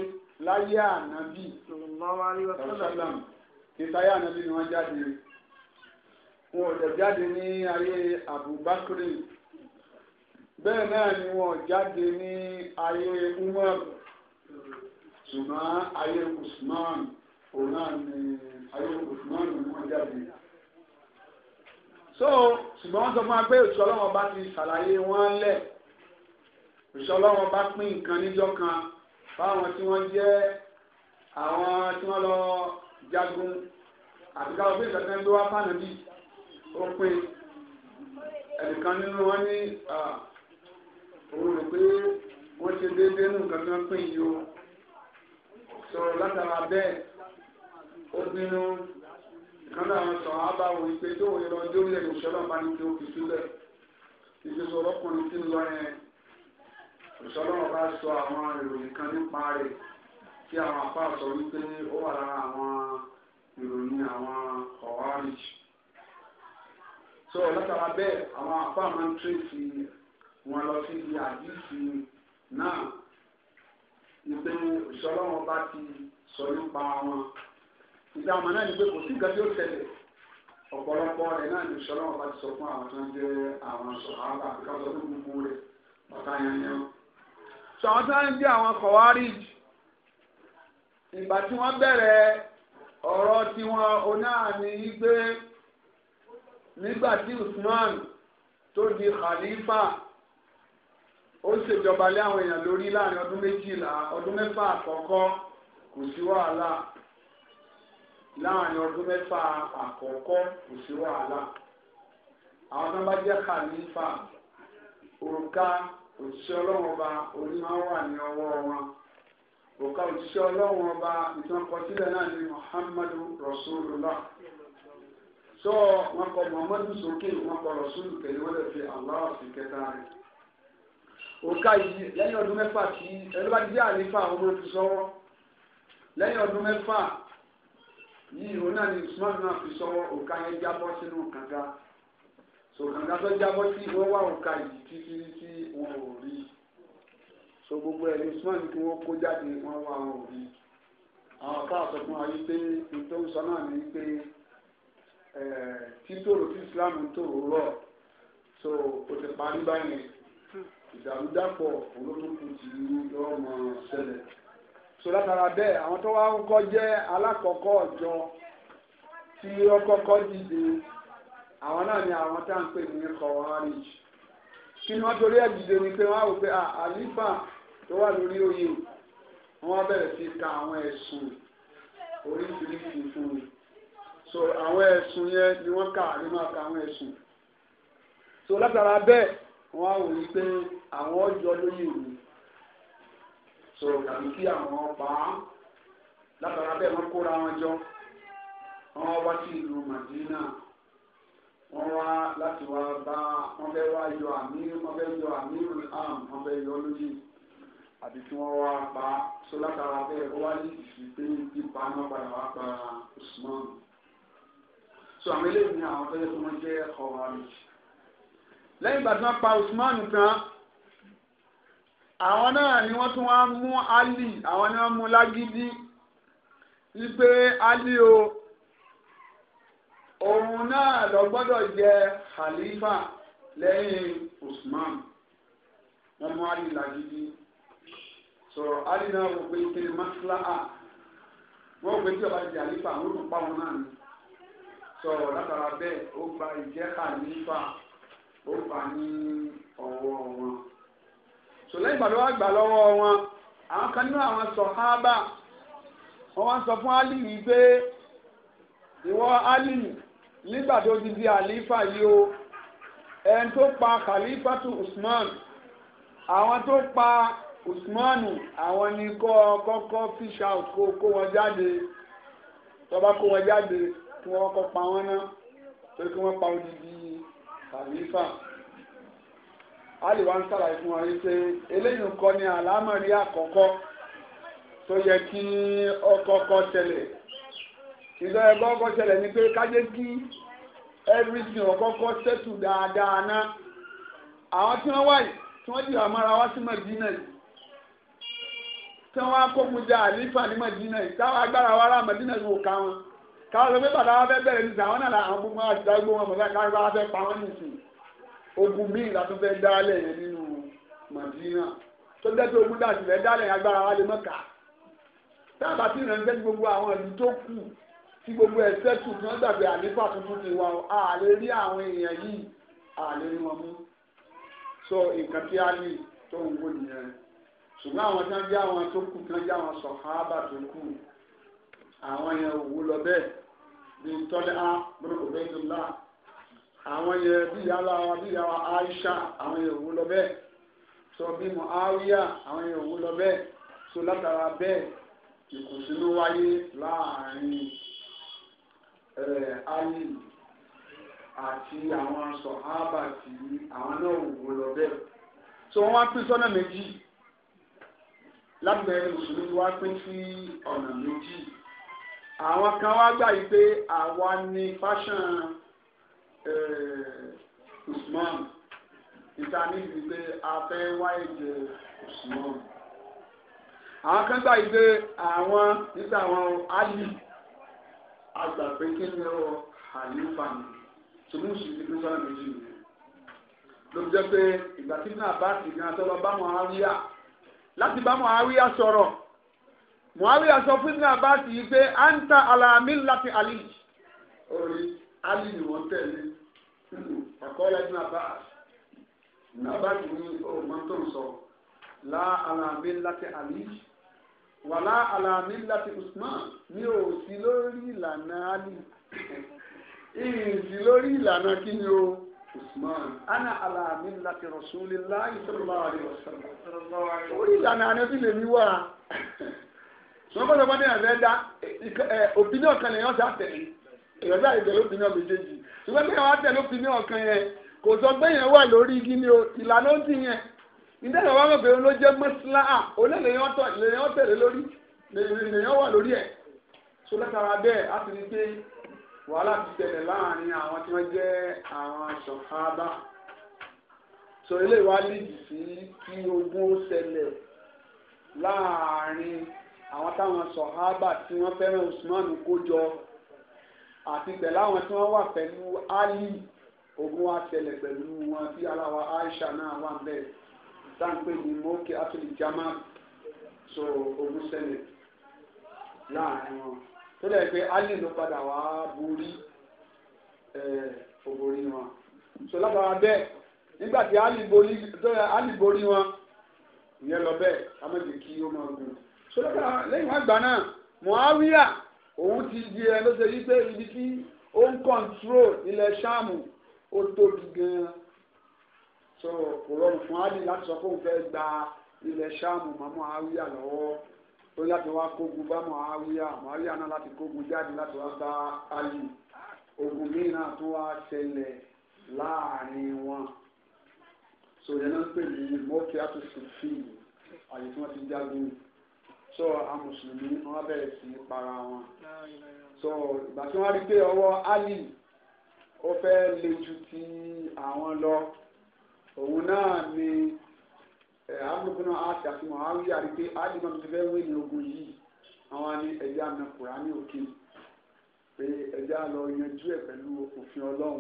láyé ànábì sàlám ìtayé ànábì ni wọ́n jáde wọn ò dẹ̀ jáde ní ayé Abubakri bẹ́ẹ̀ náà ni wọn ò jáde ní ayé Umar ṣùgbọ́n ayé Usman òun náà ni ayé Usman ni wọ́n jáde so ṣùgbọ́n wọ́n sọ fún wa pé òṣìṣẹ́ ọlọ́wọ́n bá ti ṣàlàyé wọn lẹ̀ òṣìṣẹ́ ọlọ́wọ́n bá pín nǹkan níjọ́ kan fáwọn tí wọ́n jẹ́ àwọn tí wọ́n lọ jagun àti káwọn bí nǹkan kan gbé wá fáànù bí ó pín ẹnìkan nínú wọn ní òun rò pé wọ́n ṣe déédéé nù nǹkan tí wọ́n pín yìí o sọ̀rọ̀ látara bẹ́ẹ̀ ó bínú ìkan náà sọ ábà wò pé tó wò lọ dé orílẹ̀ òṣèlú ọba ní kí ó fi sílẹ̀ ìfisọ ọlọ́kùnrin tí ń lọ yẹn òṣèlú ọba sọ àwọn ìròyìn kan nípa rẹ̀ tí àwọn apá sọ wípé ó wà lára àwọn ìròyìn àwọn kọ̀wárìj tó látara bẹ́ẹ̀ àwọn apá máa ń tírèsì wọn lọ sí ibi àdìsí náà ìpinnu òṣèlú ọba ti sọ nípa wọn ìgbà ọmọ náà ní pé kò sí nǹkan tí ó tẹ̀lé ọ̀pọ̀lọpọ̀ rẹ̀ náà ní ìṣọ́lá wọn bá ti sọ fún àwọn tó ń jẹ́ àwọn sọ̀hábà kí wọ́n sọ fún gbogbo rẹ̀ bàtà yanyan. sọ àwọn tó ń jẹ́ àwọn kọ̀wárì ìgbà tí wọ́n bẹ̀rẹ̀ ọ̀rọ̀ tiwọn onáà gbé nígbà tí Usman tó di khalifa ó ṣèjọba lé àwọn èèyàn lórí láàrin ọdún méjìlá ọdún mẹ́fà àkọ́kọ́ kò sí wàhálà láàrin ọdún mẹ́fà àkọ́kọ́ kò sí wàhálà àwọn tó bá jẹ́ kàlífà òrùka òṣìṣẹ́ ọlọ́run ọba orí máa ń wà ní ọwọ́ wọn òrùka òṣìṣẹ́ ọlọ́run ọba ìtàn náà ní muhammadu rasulullah sọ wọn kọ muhammadu sókè wọn kọ rasulu kẹlẹ wọn lè fi allah sí kẹta rẹ òrùka yìí lẹ́yìn ọdún mẹ́fà tí ẹni bá jẹ́ àlífà ọmọ ti lẹ́yìn ọdún mẹ́fà yìí òun náà ni usman náà fi sọwọ òkà yẹn jábọ́ sínú kànga so kànga tó jábọ́ sí wọn wá òkà yìí títí tí wọn ò rí so gbogbo ẹ̀ ni usman kí wọ́n kó jáde wá wọn ò rí àwọn ká sọ fún wa yìí pé sọ náà ni pé títòrò tí islam tòrò rọ so o ti parí báyìí hmm. ìdàrúdàpọ̀ ní lọ́mọ so látara bẹ́ẹ̀ àwọn tó wá ń kọ́ jẹ́ alákọ̀ọ́kọ́ ọ̀jọ́ tí ó kọ́kọ́ dìde àwọn náà ni àwọn tá à ń pè ní kọ̀wárìj kí ni wọ́n torí ẹ̀ dìde ni pé wọ́n á wò pé ah, àlífà tó wà lórí oyè wọ́n bẹ̀rẹ̀ sí ka àwọn ẹ̀sùn oríṣiríṣi fún un so àwọn ẹ̀sùn yẹn ni wọ́n kà ní máa ka àwọn ẹ̀sùn so látara bẹ́ẹ̀ wọ́n á wò wípé àwọn ọjọ́ lóyè òní so tàbí kí àwọn ọba látara bẹ́ẹ̀ wọ́n kóra wọn jọ wọ́n wá sí ìlú Madina wọ́n wá láti wá bá wọ́n fẹ́ wá yọ àmì wọ́n fẹ́ yọ àmì ram wọ́n fẹ́ yọ lóyè àti tí wọ́n wá pa so látara bẹ́ẹ̀ wọ́n wá ní ìfipé pípa náà padà wá pa Usman so àwọn eléyìí ni àwọn fẹ́lẹ́ tó wọ́n jẹ́ ọ̀rọ̀ àmì lẹ́yìn ìgbà tí wọ́n pa Usman kan àwọn náà ni wọ́n tún wá mú Ali àwọn ni wọ́n mú lágídí wípé Ali o òun náà lọ gbọ́dọ̀ jẹ khalifa lẹ́yìn Usman wọ́n mú Ali lágídí so Ali náà wò pé kí ni maslaha wọ́n wò pé tí ọba jẹ khalifa àwọn olùkọ́ pa wọn náà ni so látara bẹ́ẹ̀ ó gba ìjẹ́ khalifa ó fà ní ọwọ́ wọn sọ lẹ́yìn ìgbà tó wá gbà lọ́wọ́ wọn àwọn kan nínú àwọn sọ̀hábà wọ́n wá ń sọ fún Ali yìí pé ìwọ Ali nígbà tó ti di àlífà yìí o ẹni tó pa kàlífàtù Usman àwọn tó pa Usman àwọn ni kọ́ kọ́kọ́ fish out kó kó wọn jáde tọ́ba kó wọn jáde kí wọ́n kọ́ pa wọ́n ná pé kí wọ́n pa odidi kàlífà. ali wa ń sàlàyé fún wa wípé eléyìí kọ́ ni àlámọ̀rí àkọ́kọ́ tó yẹ kí ọkọ̀ọ̀kọ̀ tẹ̀lẹ̀ ìjọ ẹgbẹ́ ọkọ̀ ni pé kájé kí everything ọkọ̀ọ̀kọ̀ ṣètù dáadáa ná àwọn tí wọ́n wáyé tí wọ́n dìbò àmọ́ra wá sí Mẹ̀dínà yìí tí wọ́n á kókun jẹ àlífà ní yìí táwọn agbára wa rà yìí wò ká wọn káwọn lọ pé bàtà wọn fẹ́ bẹ̀rẹ̀ àwọn náà làwọn gbogbo àti ogun míì la tún fẹ́ dálẹ̀ yẹn nínú Madina tó dẹ́ pé ogun dàtí fẹ́ dálẹ̀ yẹn agbára wa lè mọ̀ ká táàbà tí ìrìn àjẹsí gbogbo àwọn ìlú tó kù tí gbogbo ẹsẹ̀ tù tí wọ́n gbàgbé àlífà tuntun ti wà á lè rí àwọn èèyàn yìí á lè rí wọn mú so nǹkan tí a lè tó ń wò nìyẹn ṣùgbọ́n àwọn tí wọ́n jẹ́ àwọn tó kù tí wọ́n jẹ́ àwọn sọ̀hábà tó kù àwọn yẹn òwú lọ bẹ́ẹ̀ bí tọ́lẹ́ á bọ́dọ̀ òbẹ́dùnlá àwọn yẹn bí yàrá wa bí yàrá Aisha àwọn yẹn òun lọ bẹ́ẹ̀ sọ bí Muawiya àwọn yẹn òun lọ bẹ́ẹ̀ sọ látara bẹ́ẹ̀ ìkùnsínú wáyé láàrin Ali àti àwọn sọ̀hábà tí àwọn náà òun lọ bẹ́ẹ̀ sọ wọ́n wá pín sọ́nà méjì lábẹ́ mùsùlùmí wá pín sí ọ̀nà méjì àwọn kan wá gbà yí pé àwa ni fashion. Eh, Usman ìta níbi a fẹ́ Usman àwọn kan gbà yìí pé àwọn nígbà àwọn Ali àgbà pé kí ni ọ àlùfà ni ṣùgbọ́n ṣùgbọ́n ìdílé sọ́nà méjì ni ló jẹ́ pé ìgbà tí náà bá ti gan tọ́lọ bá muhariya láti bá Muawiya sọ̀rọ̀ Muawiya sọ fún náà bá anta Ali orí Ali ni wọ́n tẹ̀lé ọ̀kọ́lá ibùn abbas abbas ní ọmọ tó ń sọ lá alámi láti ali wà lá alámi láti usman ní òsì lórí ìlànà ali ìrìnsì lórí ìlànà kí ni o usman ana alámi láti rasulillah sallallahu alaihi wasallam orí ìlànà anabi lèmi wá sọ́kọ́ lọ́gbọ́n ní àbẹ́ dá opinion kan lèyàn ṣàtẹ̀ èyàn ṣàtẹ̀ lópinion méjèèjì ìwé pé wọ́n á tẹ̀lé òfin ọ̀kan yẹn kò sọ pé yẹn wà lórí igi ni o ìlànà ó ti yẹn ìdẹ́rẹ̀ wà lọ́bẹ̀ ló jẹ́ mọ́sílá à olóòlèyàn tẹ̀lé lórí lèyàn wà lórí ẹ̀ so látara bẹ́ẹ̀ á ti rí pé wàhálà ti tẹ̀lé láàrin àwọn tí wọ́n jẹ́ àwọn sọ̀hábà so eléyìí wá lídìí sí kí ogun ó ṣẹlẹ̀ láàrin àwọn táwọn sọ̀hábà tí wọ́n fẹ́ràn Usman kó jọ àti pẹ̀lú àwọn tí wọ́n wà pẹ̀lú Ali ogun wa pẹ̀lú wọn tí ara Aisha náà wà ń bẹ̀ sáńpé ní mọ́kì atúlì jama so ogun ṣẹlẹ̀ láàrin wọn tó dẹ̀ pé Ali ló padà wá borí òborí wọn so lábàá bẹ́ẹ̀ nígbà tí Ali borí wọn ìyẹn lọ bẹ́ẹ̀ amẹ́jì kí ó máa gùn so lẹ́yìn wá gbà náà òun ti di ẹ ló ṣe wípé ibi tí ó ń kọ́ńtró ilẹ̀ ṣáàmù ó tóbi gan-an so kò rọrùn fún Ali láti sọ pé òun fẹ́ gba ilẹ̀ ṣáàmù mọ́mọ́ àwíyà lọ́wọ́ ó láti wá kógun bá mọ́ àwíyà mọ́ àwíyà náà láti kógun jáde láti wá bá Ali ogun míì náà tó wá ṣẹlẹ̀ láàrin wọn so yẹn náà ń pè ní mọ́kíá tó sì fi àyè tí wọ́n ti jágun so àwọn mùsùlùmí wọn bẹ̀rẹ̀ sí í para wọn so ìgbà tí wọ́n rí pé ọwọ́ Ali ó fẹ́ le ju ti àwọn lọ òun náà ni eh, amúnúkúnná àti àfihàn àwọn yìí àrí pé Ali náà ti fẹ́ wé ní ogun yìí àwọn ni ẹ̀jẹ̀ àmì Kùránì òkè pé ẹ̀jẹ̀ àlọ́ yanjú ẹ̀ pẹ̀lú òfin Ọlọ́run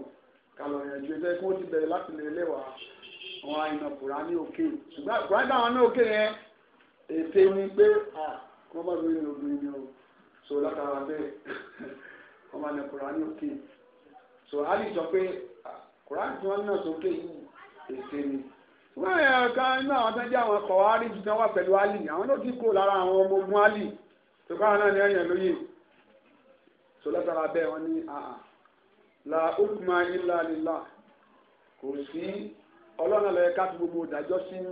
kálọ̀ yanjú ẹ̀ tẹ́ kí wọ́n ti bẹ̀rẹ̀ láti lè lẹ́wàá àwọn àìnà Kùránì òkè ṣùgbọ́n Kùránì táwọn náà òkè yẹn ète ni pé wọ́n bá lórí obìnrin ni o so látara bẹ́ẹ̀ wọ́n máa ní kùránì òkè so a lè sọ pé kùránì tí wọ́n náà sókè yìí ète ni wọ́n yẹ kan inú àwọn tó ń jẹ́ àwọn ọkọ̀ alì tí wọ́n wà pẹ̀lú alì àwọn náà ti kó lára àwọn ọmọ ogun alì tó káwọn náà ní ẹ̀yàn lóye so látara bẹ́ẹ̀ wọ́n ní la okùnmá ilá lílá kò sí ọlọ́run lọ́yẹ ká fi gbogbo ìdájọ́ sí ní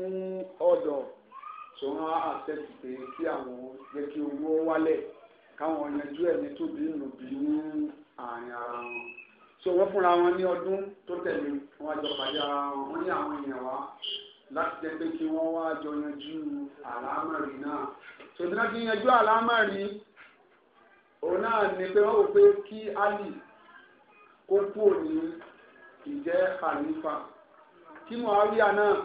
ọ̀dọ̀ so wọn á àṣẹ́sì pé kí àwọn jẹ́ kí owó wálẹ̀ káwọn yanjú ẹni tó bí nù bí ní àárín ara wọn so wọ́n fúnra wọn ní ọdún tó tẹ̀lé wọn àjọ pàdé ara wọn wọ́n ní àwọn èèyàn wá láti jẹ́ pé kí wọ́n wá jọ yanjú àlámọ̀rí náà so tí wọ́n ti yanjú àlámọ̀rí òun náà ni pé wọ́n wò pé kí Ali kó kúrò ní ìjẹ́ àlífà kí Muawiya náà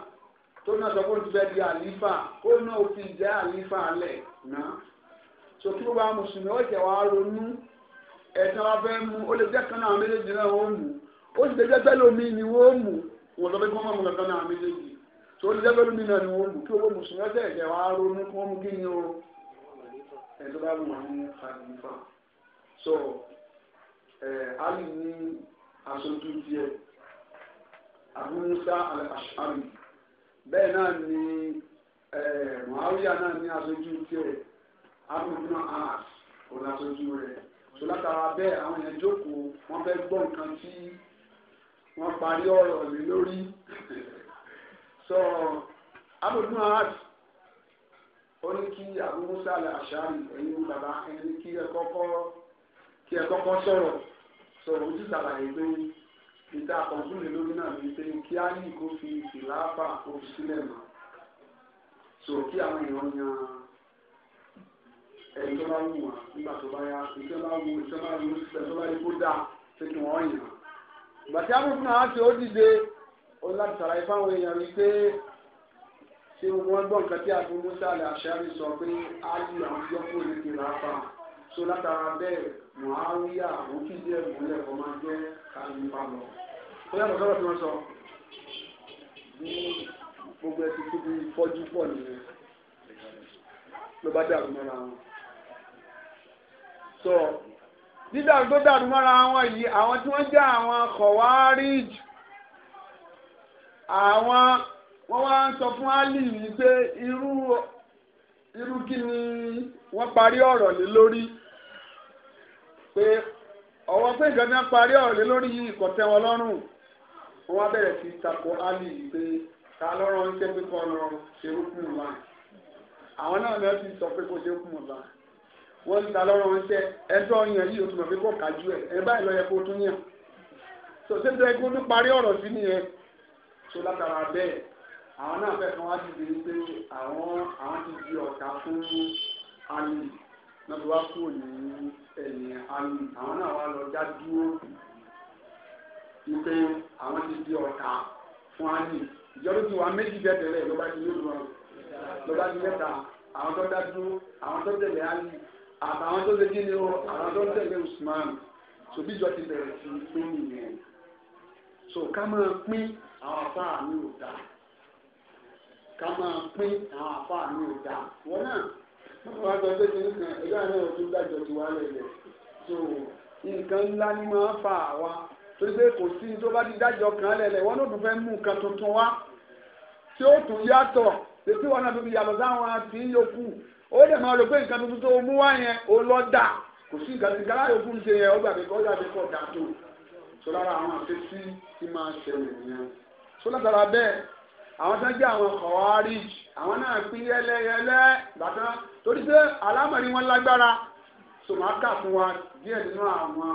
tó náà sọ pé ó ti fẹ́ di àlífà kó náà ó fi jẹ́ àlífà lẹ̀ ná. so kí gbogbo àwọn mùsùlùmí ọ̀jẹ̀ wa ronú ẹ̀sán wa fẹ́ mú ó lè jẹ́ kan náà méjèèjì náà ó mú ó sì lè jẹ́ pẹ́ lómi ni wọ́n mú wọ́n sọ pé kí wọ́n mọ̀ kankan náà méjèèjì tó lè jẹ́ pẹ́ lómi náà ni wọ́n mú kí gbogbo mùsùlùmí ọ̀jẹ̀ ẹ̀jẹ̀ wa ronú kí wọ́n mú kí ni o ẹ̀sán bá mú wọn ní àlífà so Ali ní aṣojú díẹ̀ Abu Musa al-Ash'ari. bẹ́ẹ̀ náà ni muawiya náà ní aṣojú tiẹ̀ amúnú as òun aṣojú rẹ̀ so látara bẹ́ẹ̀ àwọn èèyàn jókòó wọ́n fẹ́ gbọ́ nǹkan tí wọ́n parí ọ̀rọ̀ mi lórí so amúnú as ó ní kí abúmúsá lè ẹ̀yin bàbá ẹni kí kí ẹ kọ́kọ́ sọ̀rọ̀ sọ̀rọ̀ ojú sàlàyé lóyún. ìta àkọ́júlè lórí náà ní pé kí Ali kó fi ìlàáfà kó sílẹ̀ mọ́ so kí àwọn èèyàn yan ẹni tó bá wù wá nígbà tó bá yá ìtẹ́ bá wù ìtẹ́ bá wù ìtẹ́ tó bá yẹ kó dáa ṣé kí wọ́n yàn. ìgbà tí abúlé náà ṣe ó dìde ó láti ṣàlàyé fáwọn èèyàn rí pé ṣé wọ́n gbọ́ nǹkan tí àbúrò Musa àlẹ́ àṣàrí sọ pé Ali àwọn yọkú ní ti làáfà so látara bẹ́ẹ̀ Muawiya àwọn fìdí ẹ̀ múlẹ̀ kọ́ máa jẹ́ káyọ̀ lọ ó yàtọ̀ sọ́rọ̀ tí wọ́n sọ ní gbogbo ẹtì tó bí fọ́jú pọ̀ nìyẹn ló bá dàrú mọ́ra wọn. sọ dídà tó dàrú mọ́ra wọn yìí àwọn tí wọ́n jẹ́ àwọn kọ̀wárìjì àwọn wọ́n wá ń sọ fún Ali yìí pé irú irú kí ni wọ́n parí ọ̀rọ̀ lé lórí pé ọ̀wọ́ pé nǹkan parí ọ̀rọ̀ lé lórí yìí kò tẹ́ wọn lọ́rùn wọ́n wá bẹ̀rẹ̀ sí tako ali pé ta lọ́rọ̀ ń jẹ́ pé kọ́ lọ ṣerú kùn wá àwọn náà lọ sí sọ pé kò ṣerú kùn wá wọ́n ti ta lọ́rọ̀ ń jẹ́ ẹjọ́ yẹn yìí o tún mọ̀ pé kò kájú ẹ̀ ẹ báyìí lọ yẹ kó tún yàn tó ṣe tó yẹ kó parí ọ̀rọ̀ sí nìyẹn tó látara bẹ́ẹ̀ àwọn náà fẹ́ kàn wá dìde pé àwọn àwọn ti di ọ̀tá fún ali náà wá kúrò ní ẹ̀yìn ali àwọn náà wá lọ já dúró wípé àwọn ti di ọ̀tá fún àní ìjọba ti wà méjì bẹ́ẹ̀ tẹ́lẹ̀ lọ́ba ti yóò lọ lọ́ba ti mẹ́ta àwọn tó dájú àwọn tó tẹ̀lé àní àtàwọn tó lè kí o àwọn tó tẹ̀lé Usman tòbí ti bẹ̀rẹ̀ sí pé nìyẹn so ká máa pín àwọn afá mi ò dá ká máa pín àwọn afá mi ò dá wọn náà wọn wá sọ pé kí nìkan ẹgbẹ́ àná ọ̀tún dájọ́ ti wá lẹ̀ so nǹkan ńlá ni máa fà wá torí pé kò sí tó bá ti dájọ́ kan lẹ̀lẹ̀ wọn ló tún fẹ́ mú nǹkan tuntun wá tí ó tún yàtọ̀ létí wọn náà tó fi yàtọ̀ sáwọn àti yòókù ó lè máa rò pé nǹkan tuntun tó mú wá yẹn ó lọ dà kò sí nǹkan tí gáláyò kún ṣe yẹn ó gbàgbé kọ́ yàgbé kọ́ dà tó so lára àwọn àfẹ́sí ti máa ṣẹlẹ̀ nìyẹn so látara bẹ́ẹ̀ àwọn tó ń jẹ́ àwọn kọ̀wárì àwọn náà pín yẹlẹyẹlẹ bàtà torí pé alámọ̀rí wọn lágbára sòmákà fún wa díẹ̀ nínú àwọn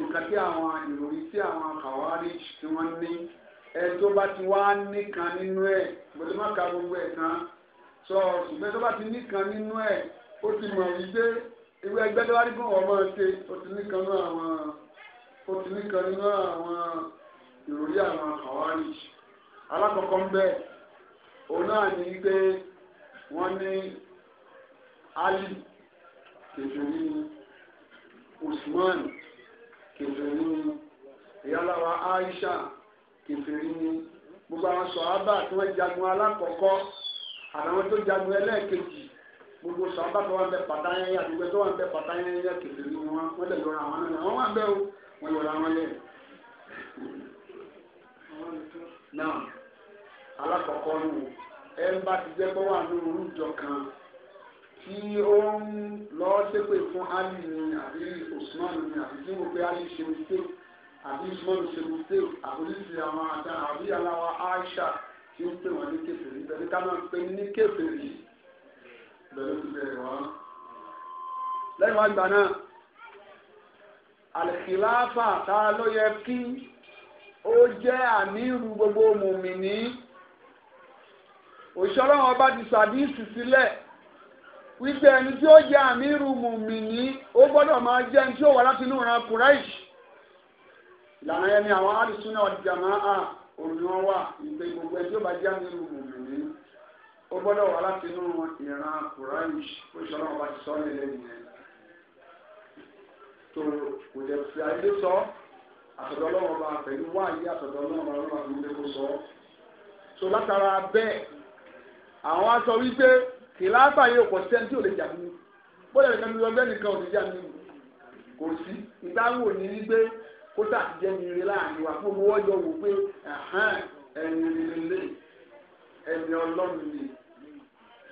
nǹkan tí àwọn ìròyìn tí àwọn àkàwárí tí wọ́n ní ẹ tó bá ti wá nìkan nínú ẹ̀ gbọ́dọ̀ má ka gbogbo ẹ̀ tán sọ ṣùgbọ́n tó bá ti nìkan nínú ẹ̀ ó ti mọ̀ wípé irú ẹgbẹ́ tó wá rí fún ọmọ ṣe ó ti nìkan nínú àwọn ó ti nìkan nínú àwọn ìròyìn àwọn àkàwárí alákọ̀ọ́kọ́ ń bẹ́ẹ̀ òun náà ní pé wọ́n ní Ali kejì ní Usman kèfèrí ni ìyálàwà Aisha kèfèrí ni gbogbo àwọn sọ̀hábà tí wọ́n jagun alákọ̀ọ́kọ́ àtàwọn tó jagun ẹlẹ́ẹ̀kejì gbogbo sọ̀hábà tó wà ń bẹ pàtà yẹn àdúgbò tó wà ń bẹ pàtà yẹn yẹn kèfèrí ni wọ́n wọ́n lè lọ́ra àwọn náà wọ́n wà ń o wọ́n lọ́ra wọn lẹ́yìn. náà alákọ̀ọ́kọ́ nù ẹ ń bá ti jẹ́ bọ́wọ́ àánú orújọ kan tí ó ń lọ ṣépè fún ali ni àbí usman ni àbí tí mo pe ali ṣe mistake àbí usman ṣe mistake àbójútì àwọn àdá àbí aláwa aisha tí ń pè wọn ní kèfèrí bẹ́ẹ̀ ká máa pe ní kèfèrí bẹ́ẹ̀ ló bẹ̀rẹ̀ wá. lẹ́yìn wá gbà náà àlìkìláfà tá a ló yẹ kí ó jẹ́ àmírù gbogbo mùmìnì òṣèlú ọba ti sàdíìsì sílẹ̀ wípé ẹni tí ó jẹ́ àmírù mùmìnì ó gbọ́dọ̀ máa jẹ́ ẹni tí ó wà láti inú ìran kùráìṣì ìlànà yẹn ni àwọn alùsùn náà jàmá à òní wọn wà ìgbé gbogbo ẹni tí ó bá jẹ́ àmírù mùmìnì ó gbọ́dọ̀ wà láti inú ìran kùráìṣì ó ṣọlá wọn bá ti sọ nílé nìyẹn tó kò jẹ́ fi ayé sọ àtọ̀dọ̀ ọlọ́wọ́ bá pẹ̀lú wáyé àtọ̀dọ̀ ọlọ́wọ́ bá lọ́wọ́ ilé kó sọ so látara bẹ́ẹ̀ àwọn aṣọ wípé kìláàfà yóò kọ sẹ́ni tí ò lè jà nínú bóyá nìkan ní ọgbẹ́ nìkan ò ní jà nínú kò sí ìdáhùn òní ní pé kó tà ti jẹ́ ní ire láàrin wa fún owó ọjọ́ wò pé ẹ̀yìn rere ẹ̀yìn ọlọ́run ni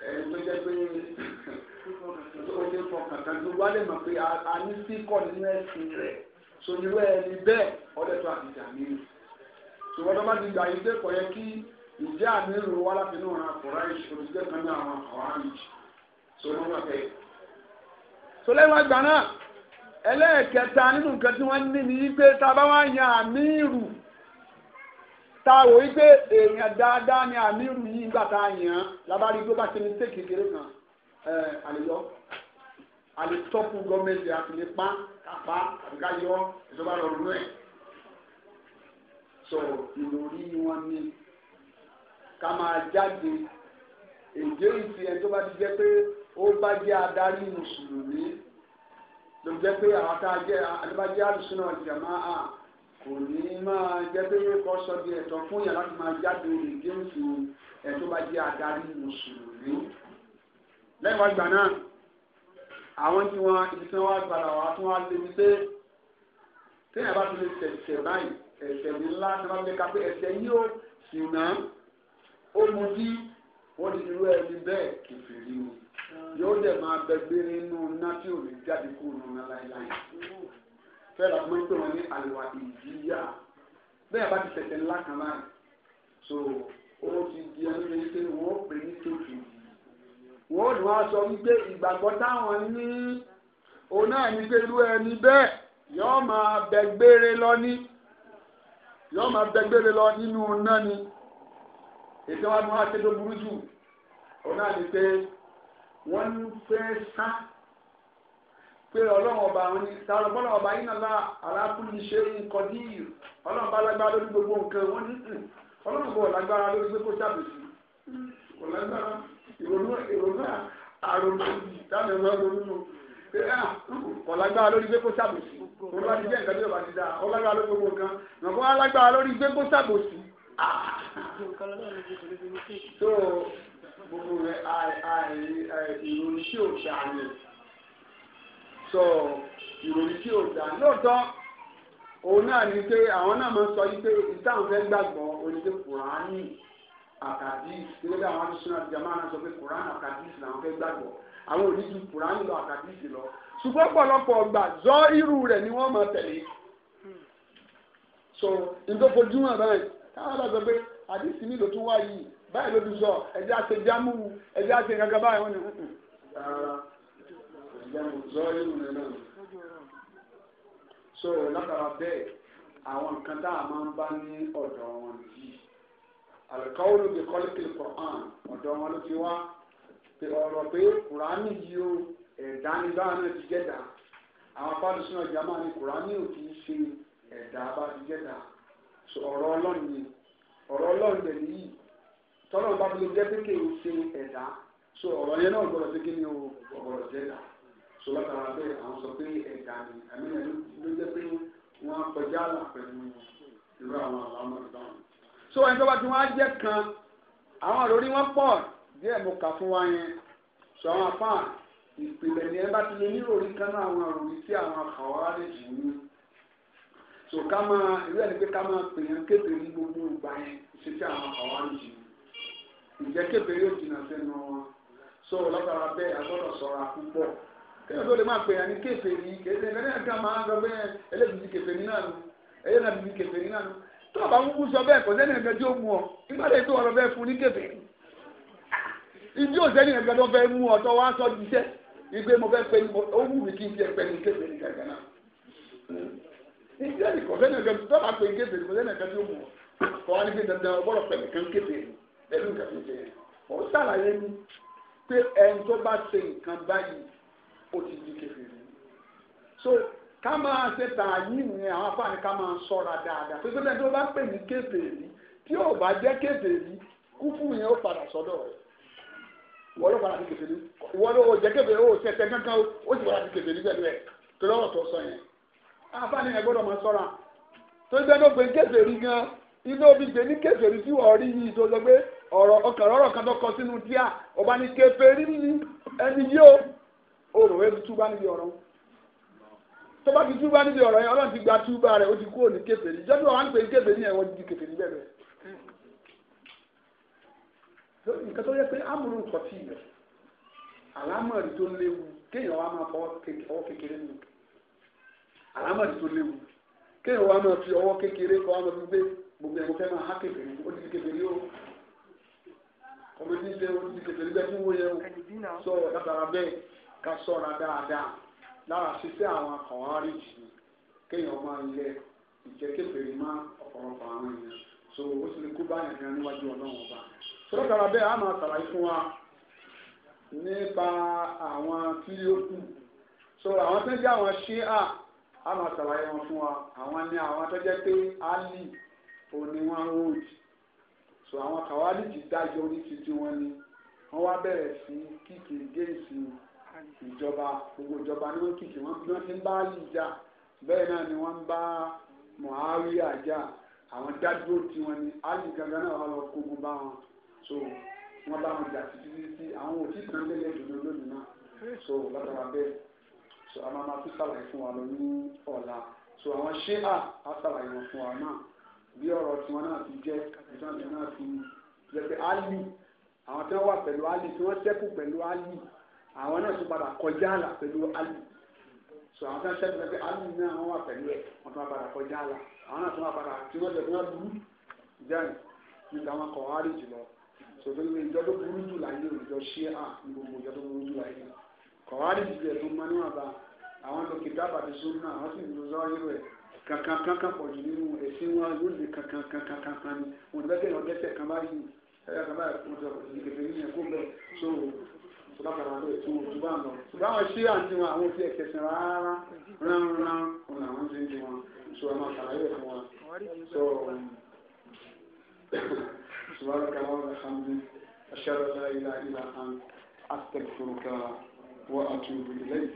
ẹ̀yìn tó jẹ́ pé ó lè fọkàn kan tó wá lè mọ̀ pé a ní síkọ̀ nínú ẹ̀sìn rẹ̀ sonirú ẹni bẹ́ẹ̀ ọdẹ tó àtijọ́ mi. sọ̀rọ̀ tó bá ti gbà yín pé kò yẹ kí ìjẹ́ àmì ìlú wa láti inú ọ̀ràn Quraish olùsíjẹ́ kan ní àwọn ọ̀hánì tó wọ́n wọ́n fẹ́. sọlẹ́wọ̀n àgbà náà ẹlẹ́ẹ̀kẹta nínú nǹkan tí wọ́n ní ni wípé tá a bá wá yan àmì ìrù tá a wò wípé èèyàn dáadáa ni àmì ìrù yìí gbà tá a yàn án lábárí tó bá ti ní tèkì kéré kan àlèyọ àlètọ́pù gọ́ọ̀mẹ̀ntì àtìlẹ́pá kápá àti káyọ ìjọba lọ́rùn náà sọ̀rọ̀ ìlòrí ká máa jáde èdè ìfi ẹni tó bá ti jẹ́ pé ó bá jẹ́ adarí mùsùlùmí ló jẹ́ pé àwọn tá a jẹ́ adébájẹ́ àlùsùnà ìjàmá à kò ní máa jẹ́ pé yóò sọ di ẹ̀tọ́ fún yàrá láti máa jáde èdè ìfi ẹni tó bá jẹ́ adarí mùsùlùmí lẹ́yìn wá gbà náà àwọn tí wọn ibi tí wọn wá gbàdá wá tí wọn á lé mi téèyàn bá ti lè tẹ̀sẹ̀ báyìí ẹ̀sẹ̀ mi ńlá tí wọn bá lè ka pé ẹ̀sẹ̀ yìí ó sì náà ó mu dí wọ́n ti irú ẹni bẹ́ẹ̀ kèfèrí o yóò dẹ̀ máa bẹ gbére inú nátí òní jáde kúrò nínú láéláé fẹ́ẹ́ làwọn máa ń pè ní àlùwà ìjìyà bẹ́ẹ̀ bá ti tẹ̀tẹ̀ ńlá kan láì so ó ti di ẹni lè ṣe wọ́n pè ní kéèkì wọ́n ò ní wọ́n sọ wípé ìgbàgbọ́ táwọn ní òun náà ní pé irú ẹni bẹ́ẹ̀ yóò máa bẹ gbére lọ ní yóò máa bẹ gbére lọ nínú náà ni ètò wa mú akéde burú jù òun náà ni pé wọ́n ń fẹ́ sá pé ọlọ́run ọba àwọn ní sáré bọ́lá ọba yìí nàlá alákùnrin ṣe ń kọ díìr ọlọ́run bá lágbára lórí gbogbo nǹkan wọ́n ní sìn hmm, ọlọ́run bọ̀ lágbára lórí pé kó ṣàbẹ̀sì kò lágbára ìrònú ìrònú àrònú ìdáná ẹ̀rọ ìrònú kò lágbára lórí pé kó ṣàbẹ̀sì kò bá ti jẹ́ nǹkan tí yóò bá ti dá ọ lágbára lórí gbogbo nǹkan nàbọ́ alágbára pé kó ṣàbẹ̀sì tó gbogbo rẹ̀ ìròyìn tí ò ṣàánì sọ ìròyìn tí ò dá lóòótọ́ òun náà ní pé àwọn náà máa ń sọ yìí pé ìtàn fẹ́ gbàgbọ́ oníṣẹ́ kùránì àkàdí ìgbésẹ̀ àwọn adúsúná jama náà sọ pé kùránì àkàdí làwọn fẹ́ gbàgbọ́ àwọn oníṣu kùránì lọ àkàdí lọ ṣùgbọ́n pọ̀lọpọ̀ ọgbà zọ irú rẹ̀ ni wọ́n máa tẹ̀lé so ntòfojúmọ̀ báyìí táwọn bá sọ pé àdìsí mi ló tún wá yìí báyìí ló ti sọ ẹ̀jẹ̀ àti jámù ẹ̀jẹ̀ àti nǹkan báyìí wọ́n ni. so látara bẹ́ẹ̀ àwọn nǹkan tá a máa ń bá ní ọ̀dọ̀ wọn yìí alikawolo bi kọlikili kọ̀ọ̀án ọ̀dọ̀ wọn ló ti wá pé ọ̀rọ̀ pé kùránì yìí ó ẹ̀dá ní báwọn náà ti jẹ́dá àwọn apá lùsùn ọjà máa ní kùránì ò kì í ṣe ẹ̀dá bá ti jẹ́dá ọ̀rọ̀ ọlọ́run ni ọ̀rọ̀ ọlọ́run dẹ̀ nìyí tọ́lọ́run bá fi lè jẹ́ pé o ṣe ẹ̀dá so ọ̀rọ̀ yẹn náà gbọ́dọ̀ sí kí ni o ọ̀gbọ̀dọ̀ jẹ́ ẹ̀dá so látara bẹ́ẹ̀ àwọn sọ pé ẹ̀dá ni àmì ló jẹ́ pé wọ́n á kọjá àlà pẹ̀lú irú àwọn àlámọ̀ ìbáwọn. so ẹni tó bá ti wọ́n á jẹ́ kan àwọn àròrí wọn pọ̀ díẹ̀ mo kà fún wa yẹn so àwọn àfáà ìpìlẹ̀ ni ẹ bá ti lè nírò orí kan náà àwọn àròrí tí àwọn àkàwọ́ so ká máa ìlú ẹni pé ká máa pè yẹn kébè ní gbogbo ìgbà yẹn ìṣesí àwọn àwọn jù ìjẹ́ kébè yóò jìnnà sẹ́nu wọn so látara bẹ́ẹ̀ agbọ́dọ̀ sọ̀rọ̀ púpọ̀ kéèyàn tó lè máa pè yẹn ní kébè yìí kéèyàn tó lè kàn máa sọ bẹ́ẹ̀ ẹlẹ́bìí kébè ní náà nù ẹ̀yẹ́ náà bìí kébè ní náà nù tó o bá ń wú sọ bẹ́ẹ̀ kò sẹ́ni ẹ̀gẹ́ tí ó mú ọ nígbà tó ètò ọ̀rọ̀ bẹ́ẹ̀ fún ní kébè ìdí òsẹ́ni ẹ̀gẹ́ tó fẹ́ mú ọ tó wá sọ jíṣẹ́ ìgbé mo israeli kò sẹ́ni ẹ̀ka tó bá pè ń kéde kò sẹ́ni ẹ̀ka tó mú ọ kọ́ wá ní pé dandan ọ bọ́dọ̀ pẹ̀lú kan kéde nǹkan tó ṣe ó ṣàlàyé mi pé ẹni tó bá ṣe nǹkan báyìí ó ti di kèfèrí so ká máa ṣe tààyè ìyẹn àwọn afáàní ká máa ṣọ́ra dáadáa pé pé tó bá pè ní kèfèrí tí ò bá jẹ́ kèfèrí kúfù yẹn ó padà sọ́dọ̀ rẹ̀ wọ́n ló padà di kèfèrí wọ́n ló jẹ́ ó ṣẹ̀ṣẹ̀ kankan ó àbáni ẹ̀ gbọdọ ma sọ́ra tó ń dẹ́nu ògbé kèfèrí gan inú òbí gbé ní kèfèrí tí wọ́n rí yìí tó sọ ọkàn kan tó kọ sínú díà ọba ní kèfèrí ní ẹni o òrò ẹ ti ọrụ níbi ọ̀rọ̀ tó bá níbi yẹn ti gba ó ti kúrò ní wọn wá ń yẹn di nǹkan tó yẹ àlámọ̀dé tó léwu kéèyàn wá máa fi ọwọ́ kékeré fi gbé gbogbo ẹ̀ mo fẹ́ máa kékeré ti o ọmọ ní ilé ó ti o dáadáa lára àwọn rí jì kéèyàn lẹ kékeré má àwọn so o sì lè kó báyìí ní níwájú ọlọ́run ọba sọ látara bẹ́ẹ̀ á máa ṣàlàyé fún wa nípa àwọn tí àwọn a máa ṣàlàyé wọn fún wa àwọn ní àwọn tó jẹ́ pé ali òní wọn road so àwọn kàwáàlì ti dájọ́ orí ti tí wọ́n ní wọ́n wá bẹ̀rẹ̀ sí kíkì géèsì ìjọba gbogbo ìjọba ni wọ́n kíkì wọ́n bí wọ́n ti ń bá ali jà bẹ́ẹ̀ náà ni wọ́n ń bá muhawiya jà àwọn dájọ́ tí wọ́n ní ali gangan náà wà lọ kógun bá wọn so wọ́n bá wọn jà títí títí àwọn òtítàn lẹ́yẹ̀ dòdò lónìí náà so látara bẹ́ẹ̀ so a máa máa tún sàlàyé fún wa lọ ọ̀la so àwọn ṣé à á sàlàyé wọn fún wa náà bí ọ̀rọ̀ tiwọn náà ti jẹ́ kàtìsáàmì náà ti jẹ́ pé áàlì àwọn tí wọ́n wà pẹ̀lú áàlì tí wọ́n ṣẹ́kù pẹ̀lú áàlì àwọn náà tún padà kọjá àlà pẹ̀lú áàlì so àwọn tí wọ́n ṣẹ́kù pẹ̀lú áàlì náà wọ́n wà pẹ̀lú ẹ̀ wọ́n tún padà kọjá àlà àwọn náà tún wà padà tí wọ́n jẹ́ pé wọ́n burú jẹ́rìí nígbà wọn kọ̀ áàlì jùlọ sọdọ́ ìjọ tó burú jù láyé ìjọ ṣé à ní gbogbo ìjọ tó burú jù láyé kọ̀wárí ìdílé tó mọ níwọ̀nba àwọn lo kìtàbù àti súnà àwọn sì ń lo zọ́ọ́ yìí rẹ̀ kankan kankan pọ̀ jù nínú so sọlákàrà lóye tó wọn túbà lọ. ṣùgbọ́n àwọn ṣé àǹtí wọn àwọn òfin ẹ̀kẹ́ sìn rárá rán rán wọn so ẹ máa ṣàlàyé fún wọn so ṣùgbọ́n kàwọn alhamdulilayi ṣàlàyé what are you related?